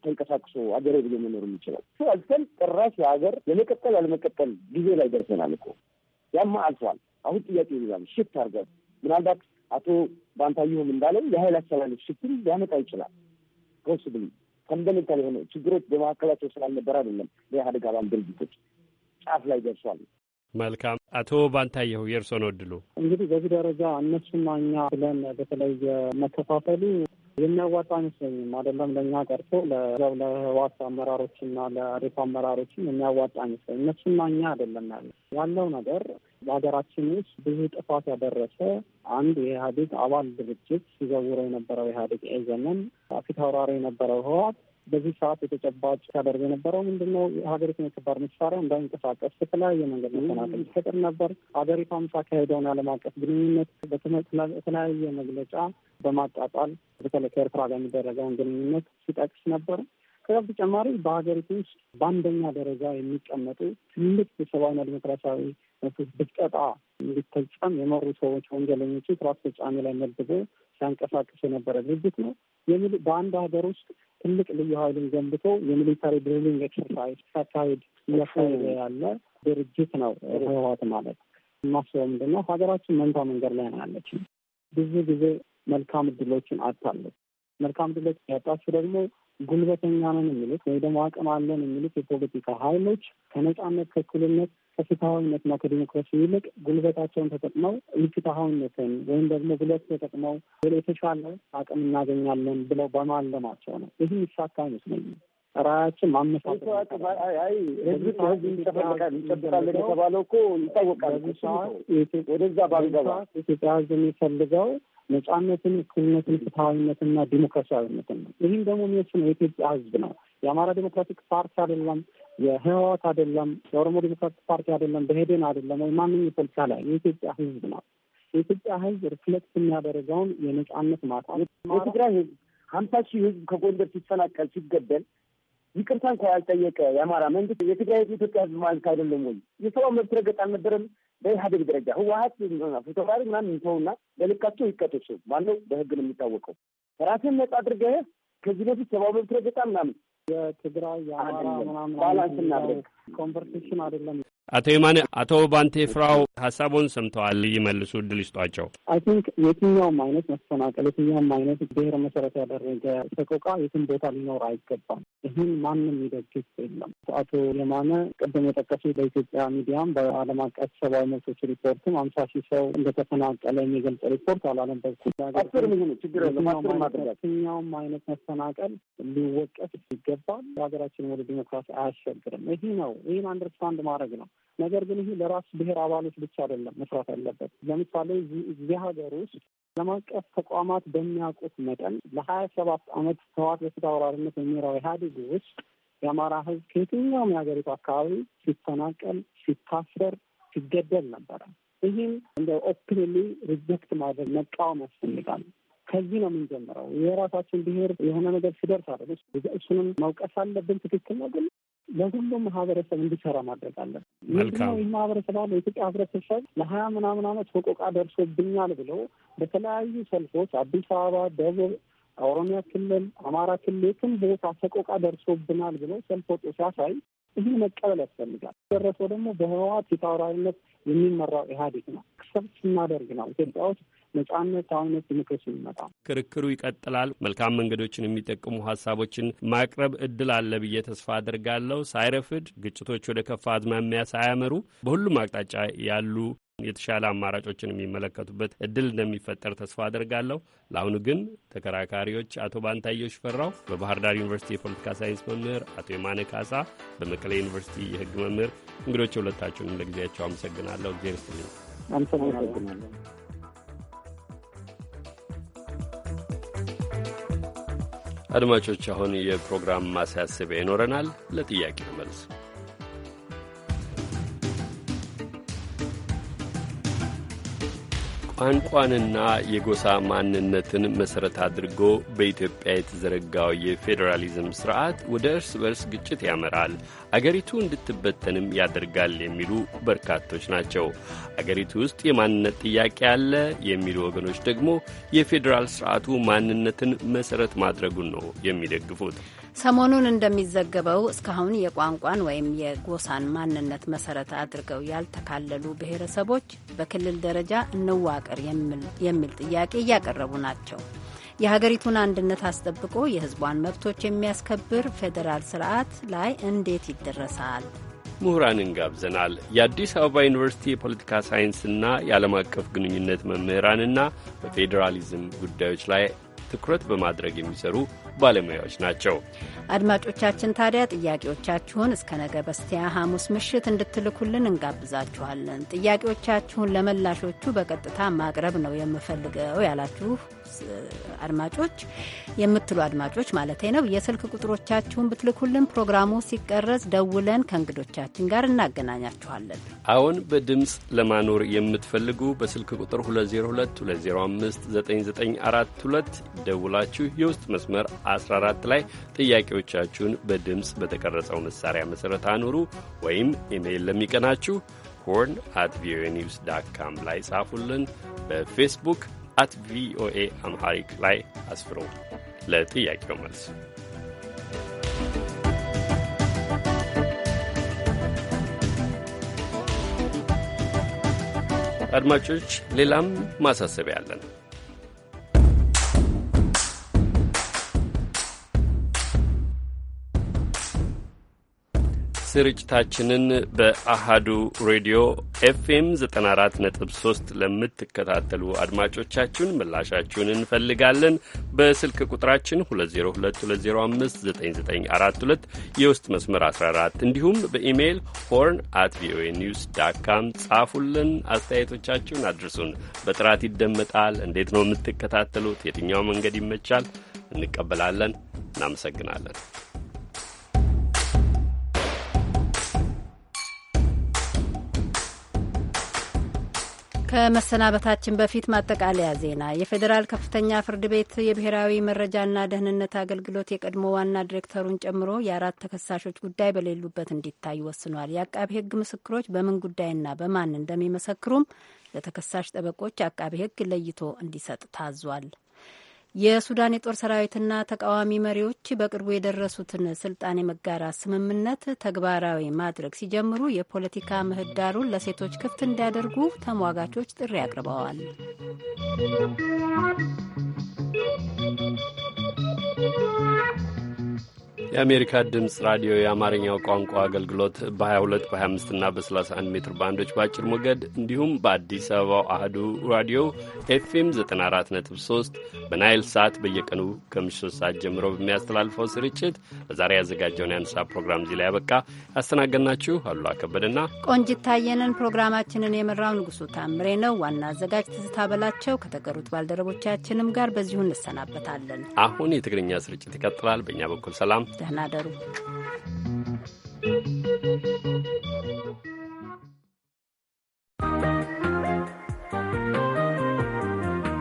ተንቀሳቅሶ አገሬ ብሎ መኖር የሚችለው? እሱ አልፈን ጭራሽ የሀገር ለመቀጠል ያለመቀጠል ጊዜ ላይ ደርሰናል እኮ ያማ አልፏል። አሁን ጥያቄ ይዛል ሽፍት አርገ ምናልባት አቶ ባንታየሁም እንዳለው የሀይል አሰላለፍ ሽግግር ሊያመጣ ይችላል። ፖስብሊ ፈንደሜንታል የሆነ ችግሮች በመካከላቸው ስላልነበር አይደለም የኢህአዴግ አባል ድርጅቶች ጫፍ ላይ ደርሷል። መልካም አቶ ባንታየሁ የእርስዎ ነው እድሉ። እንግዲህ በዚህ ደረጃ እነሱና እኛ ብለን በተለይ መከፋፈሉ የሚያዋጣ አይመስለኝም። አይደለም ለእኛ ቀርቶ ለዛው ለህዋት አመራሮችና ለሪፍ አመራሮችም የሚያዋጣ አይመስለኝም። እነሱና እኛ አይደለም ያለ ዋናው ነገር በሀገራችን ውስጥ ብዙ ጥፋት ያደረሰ አንድ የኢህአዴግ አባል ድርጅት ሲዘውረው የነበረው ኢህአዴግ ዘመን ፊት አውራሪ የነበረው ህወሓት በዚህ ሰዓት የተጨባጭ ሲያደርግ የነበረው ምንድነው? የሀገሪቱን የከባድ መሳሪያ እንዳይንቀሳቀስ በተለያየ መንገድ መሰናክል ሲፈጥር ነበር። ምሳ ሳካሄደውን ዓለም አቀፍ ግንኙነት በተለያየ መግለጫ በማጣጣል በተለይ ከኤርትራ ጋር የሚደረገውን ግንኙነት ሲጠቅስ ነበር። ከዛ በተጨማሪ በሀገሪቱ ውስጥ በአንደኛ ደረጃ የሚቀመጡ ትልቅ የሰብአዊና ዲሞክራሲያዊ መብቶች እንዲፈጸም የመሩ ሰዎች ወንጀለኞቹ ስራ አስፈጻሚ ላይ መድቦ ሲያንቀሳቀስ የነበረ ድርጅት ነው። በአንድ ሀገር ውስጥ ትልቅ ልዩ ኃይልን ገንብቶ የሚሊታሪ ድሪሊንግ ኤክሰርሳይዝ ሲያካሂድ እያካሄደ ያለ ድርጅት ነው ህወሓት ማለት። የማስበው ምንድን ሀገራችን መንታ መንገድ ላይ ነው ብዙ ጊዜ መልካም እድሎችን አጥታለች። መልካም እድሎች ያጣችው ደግሞ ጉልበተኛ ነን የሚሉት ወይ ደግሞ አቅም አለን የሚሉት የፖለቲካ ኃይሎች ከነጻነት ከእኩልነት ከፍትሐዊነትና ከዲሞክራሲ ይልቅ ጉልበታቸውን ተጠቅመው ኢፍትሐዊነትን ወይም ደግሞ ጉልበት ተጠቅመው የተሻለ አቅም እናገኛለን ብለው በማለማቸው ነው። ይህ ይሳካ አይመስለኝም። ራያችን ማመሳሰል ህዝብ ህዝብ ይጠበቃል የተባለው እኮ ይታወቃል። ወደዛ ባልገባ ኢትዮጵያ ህዝብ የሚፈልገው ነጻነትን፣ እኩልነትን፣ ፍትሐዊነትንና ዲሞክራሲያዊነትን ነው። ይህም ደግሞ የሚወስነው የኢትዮጵያ ህዝብ ነው። የአማራ ዴሞክራቲክ ፓርቲ አይደለም፣ የህወሓት አይደለም፣ የኦሮሞ ዴሞክራቲክ ፓርቲ አይደለም፣ በሄደን አይደለም ወይ ማንኛውም የፖለቲካ ላይ የኢትዮጵያ ህዝብ ነው። የኢትዮጵያ ህዝብ ሪፍሌክት የሚያደርገውን የነጻነት ማታ የትግራይ ህዝብ ሀምሳ ሺህ ህዝብ ከጎንደር ሲፈናቀል ሲገደል ይቅርታ እንኳ ያልጠየቀ የአማራ መንግስት የትግራይ ህዝብ የኢትዮጵያ ህዝብ ማለት አይደለም ወይ? የሰው መብት ረገጥ አልነበረም? በኢህአዴግ ደረጃ ህወሀት ፊቶራሪ ምናምን እንተውና በልካቸው ይቀጥሱ ማነው በህግ ነው የሚታወቀው። ራሴን ነጻ አድርገህ ከዚህ በፊት ሰብአዊ መብት ረገጣ ምናምን የትግራይ የአማራ ምናምን ባላንስ እናድርግ። ኮንቨርሴሽን አይደለም አቶ የማነ አቶ ባንቴ ፍራው ሀሳቡን ሰምተዋል። ይመልሱ፣ እድል ይስጧቸው። አይ ቲንክ የትኛውም አይነት መፈናቀል፣ የትኛውም አይነት ብሔር መሰረት ያደረገ ሰቆቃ የትም ቦታ ሊኖር አይገባም። ይህን ማንም የሚደግፍ የለም። አቶ የማነ ቅድም የጠቀሱ በኢትዮጵያ ሚዲያም በዓለም አቀፍ ሰብአዊ መብቶች ሪፖርትም አምሳ ሺህ ሰው እንደተፈናቀለ የሚገልጽ ሪፖርት አላለም። አላነበብኩም። የትኛውም አይነት መፈናቀል ሊወቀስ ይገባል። ሀገራችን ወደ ዲሞክራሲ አያስቸግርም። ይህ ነው ይህን አንደርስታንድ ማድረግ ነው። ነገር ግን ይሄ ለራስ ብሔር አባሎች ብቻ አይደለም መስራት ያለበት። ለምሳሌ እዚህ ሀገር ውስጥ ዓለም አቀፍ ተቋማት በሚያውቁት መጠን ለሀያ ሰባት ዓመት ህወሓት በፊት አውራሪነት የሚመራው ኢህአዴግ ውስጥ የአማራ ህዝብ ከየትኛውም የሀገሪቱ አካባቢ ሲፈናቀል፣ ሲታሰር፣ ሲገደል ነበረ። ይህም እንደ ኦፕንሊ ሪጀክት ማድረግ መቃወም ያስፈልጋል። ከዚህ ነው የምንጀምረው። የራሳችን ብሔር የሆነ ነገር ሲደርስ አለ እሱንም መውቀስ አለብን። ትክክል ነው ግን ለሁሉም ማህበረሰብ እንዲሰራ ማድረግ አለን። ምንድነው ይህ ማህበረሰብ አለ የኢትዮጵያ ህብረተሰብ ለሀያ ምናምን አመት ሰቆቃ ደርሶብኛል ብሎ በተለያዩ ሰልፎች አዲስ አበባ፣ ደቡብ፣ ኦሮሚያ ክልል፣ አማራ ክልል የትም ቦታ ሰቆቃ ደርሶብናል ብሎ ሰልፍ ሲያሳይ ይህ መቀበል ያስፈልጋል። ደረሰው ደግሞ በህወሓት የታውራሪነት የሚመራው ኢህአዴግ ነው። ክሰብ ስናደርግ ነው ኢትዮጵያ ውስጥ ነጻነት፣ አሁነት፣ ዲሞክራሲ ይመጣ። ክርክሩ ይቀጥላል። መልካም መንገዶችን የሚጠቅሙ ሀሳቦችን ማቅረብ እድል አለ ብዬ ተስፋ አድርጋለሁ። ሳይረፍድ ግጭቶች ወደ ከፋ አዝማሚያ ሳያመሩ በሁሉም አቅጣጫ ያሉ የተሻለ አማራጮችን የሚመለከቱበት እድል እንደሚፈጠር ተስፋ አድርጋለሁ። ለአሁኑ ግን ተከራካሪዎች አቶ ባንታየው ሽፈራው በባህር ዳር ዩኒቨርሲቲ የፖለቲካ ሳይንስ መምህር፣ አቶ የማነ ካሳ በመቀሌ ዩኒቨርሲቲ የሕግ መምህር እንግዶች፣ ሁለታችሁንም ለጊዜያቸው አመሰግናለሁ። እግዜር ይስጥልኝ። አመሰግናለሁ። አድማጮች፣ አሁን የፕሮግራም ማሳሰቢያ ይኖረናል። ለጥያቄ መልስ ቋንቋንና የጎሳ ማንነትን መሠረት አድርጎ በኢትዮጵያ የተዘረጋው የፌዴራሊዝም ስርዓት ወደ እርስ በርስ ግጭት ያመራል፣ አገሪቱ እንድትበተንም ያደርጋል የሚሉ በርካቶች ናቸው። አገሪቱ ውስጥ የማንነት ጥያቄ አለ የሚሉ ወገኖች ደግሞ የፌዴራል ስርዓቱ ማንነትን መሠረት ማድረጉን ነው የሚደግፉት። ሰሞኑን እንደሚዘገበው እስካሁን የቋንቋን ወይም የጎሳን ማንነት መሰረት አድርገው ያልተካለሉ ብሔረሰቦች በክልል ደረጃ እንዋቅር የሚል ጥያቄ እያቀረቡ ናቸው። የሀገሪቱን አንድነት አስጠብቆ የሕዝቧን መብቶች የሚያስከብር ፌዴራል ስርዓት ላይ እንዴት ይደረሳል? ምሁራንን ጋብዘናል። የአዲስ አበባ ዩኒቨርሲቲ የፖለቲካ ሳይንስና የዓለም አቀፍ ግንኙነት መምህራንና በፌዴራሊዝም ጉዳዮች ላይ ትኩረት በማድረግ የሚሰሩ ባለሙያዎች ናቸው። አድማጮቻችን ታዲያ ጥያቄዎቻችሁን እስከ ነገ በስቲያ ሐሙስ ምሽት እንድትልኩልን እንጋብዛችኋለን። ጥያቄዎቻችሁን ለመላሾቹ በቀጥታ ማቅረብ ነው የምፈልገው ያላችሁ አድማጮች የምትሉ አድማጮች ማለት ነው የስልክ ቁጥሮቻችሁን ብትልኩልን ፕሮግራሙ ሲቀረጽ ደውለን ከእንግዶቻችን ጋር እናገናኛችኋለን። አሁን በድምፅ ለማኖር የምትፈልጉ በስልክ ቁጥር 2022059942 ደውላችሁ የውስጥ መስመር 14 ላይ ጥያቄዎቻችሁን በድምፅ በተቀረጸው መሳሪያ መሰረት አኑሩ ወይም ኢሜይል ለሚቀናችሁ ሆርን አት ቪኦኤ ኒውስ ዳት ካም ላይ ጻፉልን። በፌስቡክ አት ቪኦኤ አምሃሪክ ላይ አስፍሩ። ለጥያቄው መልስ አድማጮች፣ ሌላም ማሳሰቢያ አለን። ስርጭታችንን በአሃዱ ሬዲዮ ኤፍኤም 94.3 ለምትከታተሉ አድማጮቻችሁን ምላሻችሁን እንፈልጋለን። በስልክ ቁጥራችን 2022059942 የውስጥ መስመር 14 እንዲሁም በኢሜይል ሆርን አት ቪኦኤ ኒውስ ዳካም ጻፉልን። አስተያየቶቻችሁን አድርሱን። በጥራት ይደመጣል። እንዴት ነው የምትከታተሉት? የትኛው መንገድ ይመቻል? እንቀበላለን። እናመሰግናለን። ከመሰናበታችን በፊት ማጠቃለያ ዜና። የፌዴራል ከፍተኛ ፍርድ ቤት የብሔራዊ መረጃና ደህንነት አገልግሎት የቀድሞ ዋና ዲሬክተሩን ጨምሮ የአራት ተከሳሾች ጉዳይ በሌሉበት እንዲታይ ወስኗል። የአቃቢ ሕግ ምስክሮች በምን ጉዳይና በማን እንደሚመሰክሩም ለተከሳሽ ጠበቆች አቃቢ ሕግ ለይቶ እንዲሰጥ ታዟል። የሱዳን የጦር ሰራዊትና ተቃዋሚ መሪዎች በቅርቡ የደረሱትን ስልጣን የመጋራት ስምምነት ተግባራዊ ማድረግ ሲጀምሩ የፖለቲካ ምህዳሩን ለሴቶች ክፍት እንዲያደርጉ ተሟጋቾች ጥሪ አቅርበዋል። Thank you. የአሜሪካ ድምፅ ራዲዮ የአማርኛው ቋንቋ አገልግሎት በ22 በ25ና በ31 ሜትር ባንዶች በአጭር ሞገድ እንዲሁም በአዲስ አበባው አህዱ ራዲዮ ኤፍኤም 94.3 በናይል ሳት በየቀኑ ከምሽቱ ሰዓት ጀምሮ በሚያስተላልፈው ስርጭት በዛሬ ያዘጋጀውን የአንስሳ ፕሮግራም እዚህ ላይ ያበቃ። ያስተናገድናችሁ አሉላ ከበደና ቆንጂት ታየንን፣ ፕሮግራማችንን የመራው ንጉሱ ታምሬ ነው። ዋና አዘጋጅ ትዝታ በላቸው ከተቀሩት ባልደረቦቻችንም ጋር በዚሁ እንሰናበታለን። አሁን የትግርኛ ስርጭት ይቀጥላል። በእኛ በኩል ሰላም ደህና ደሩ።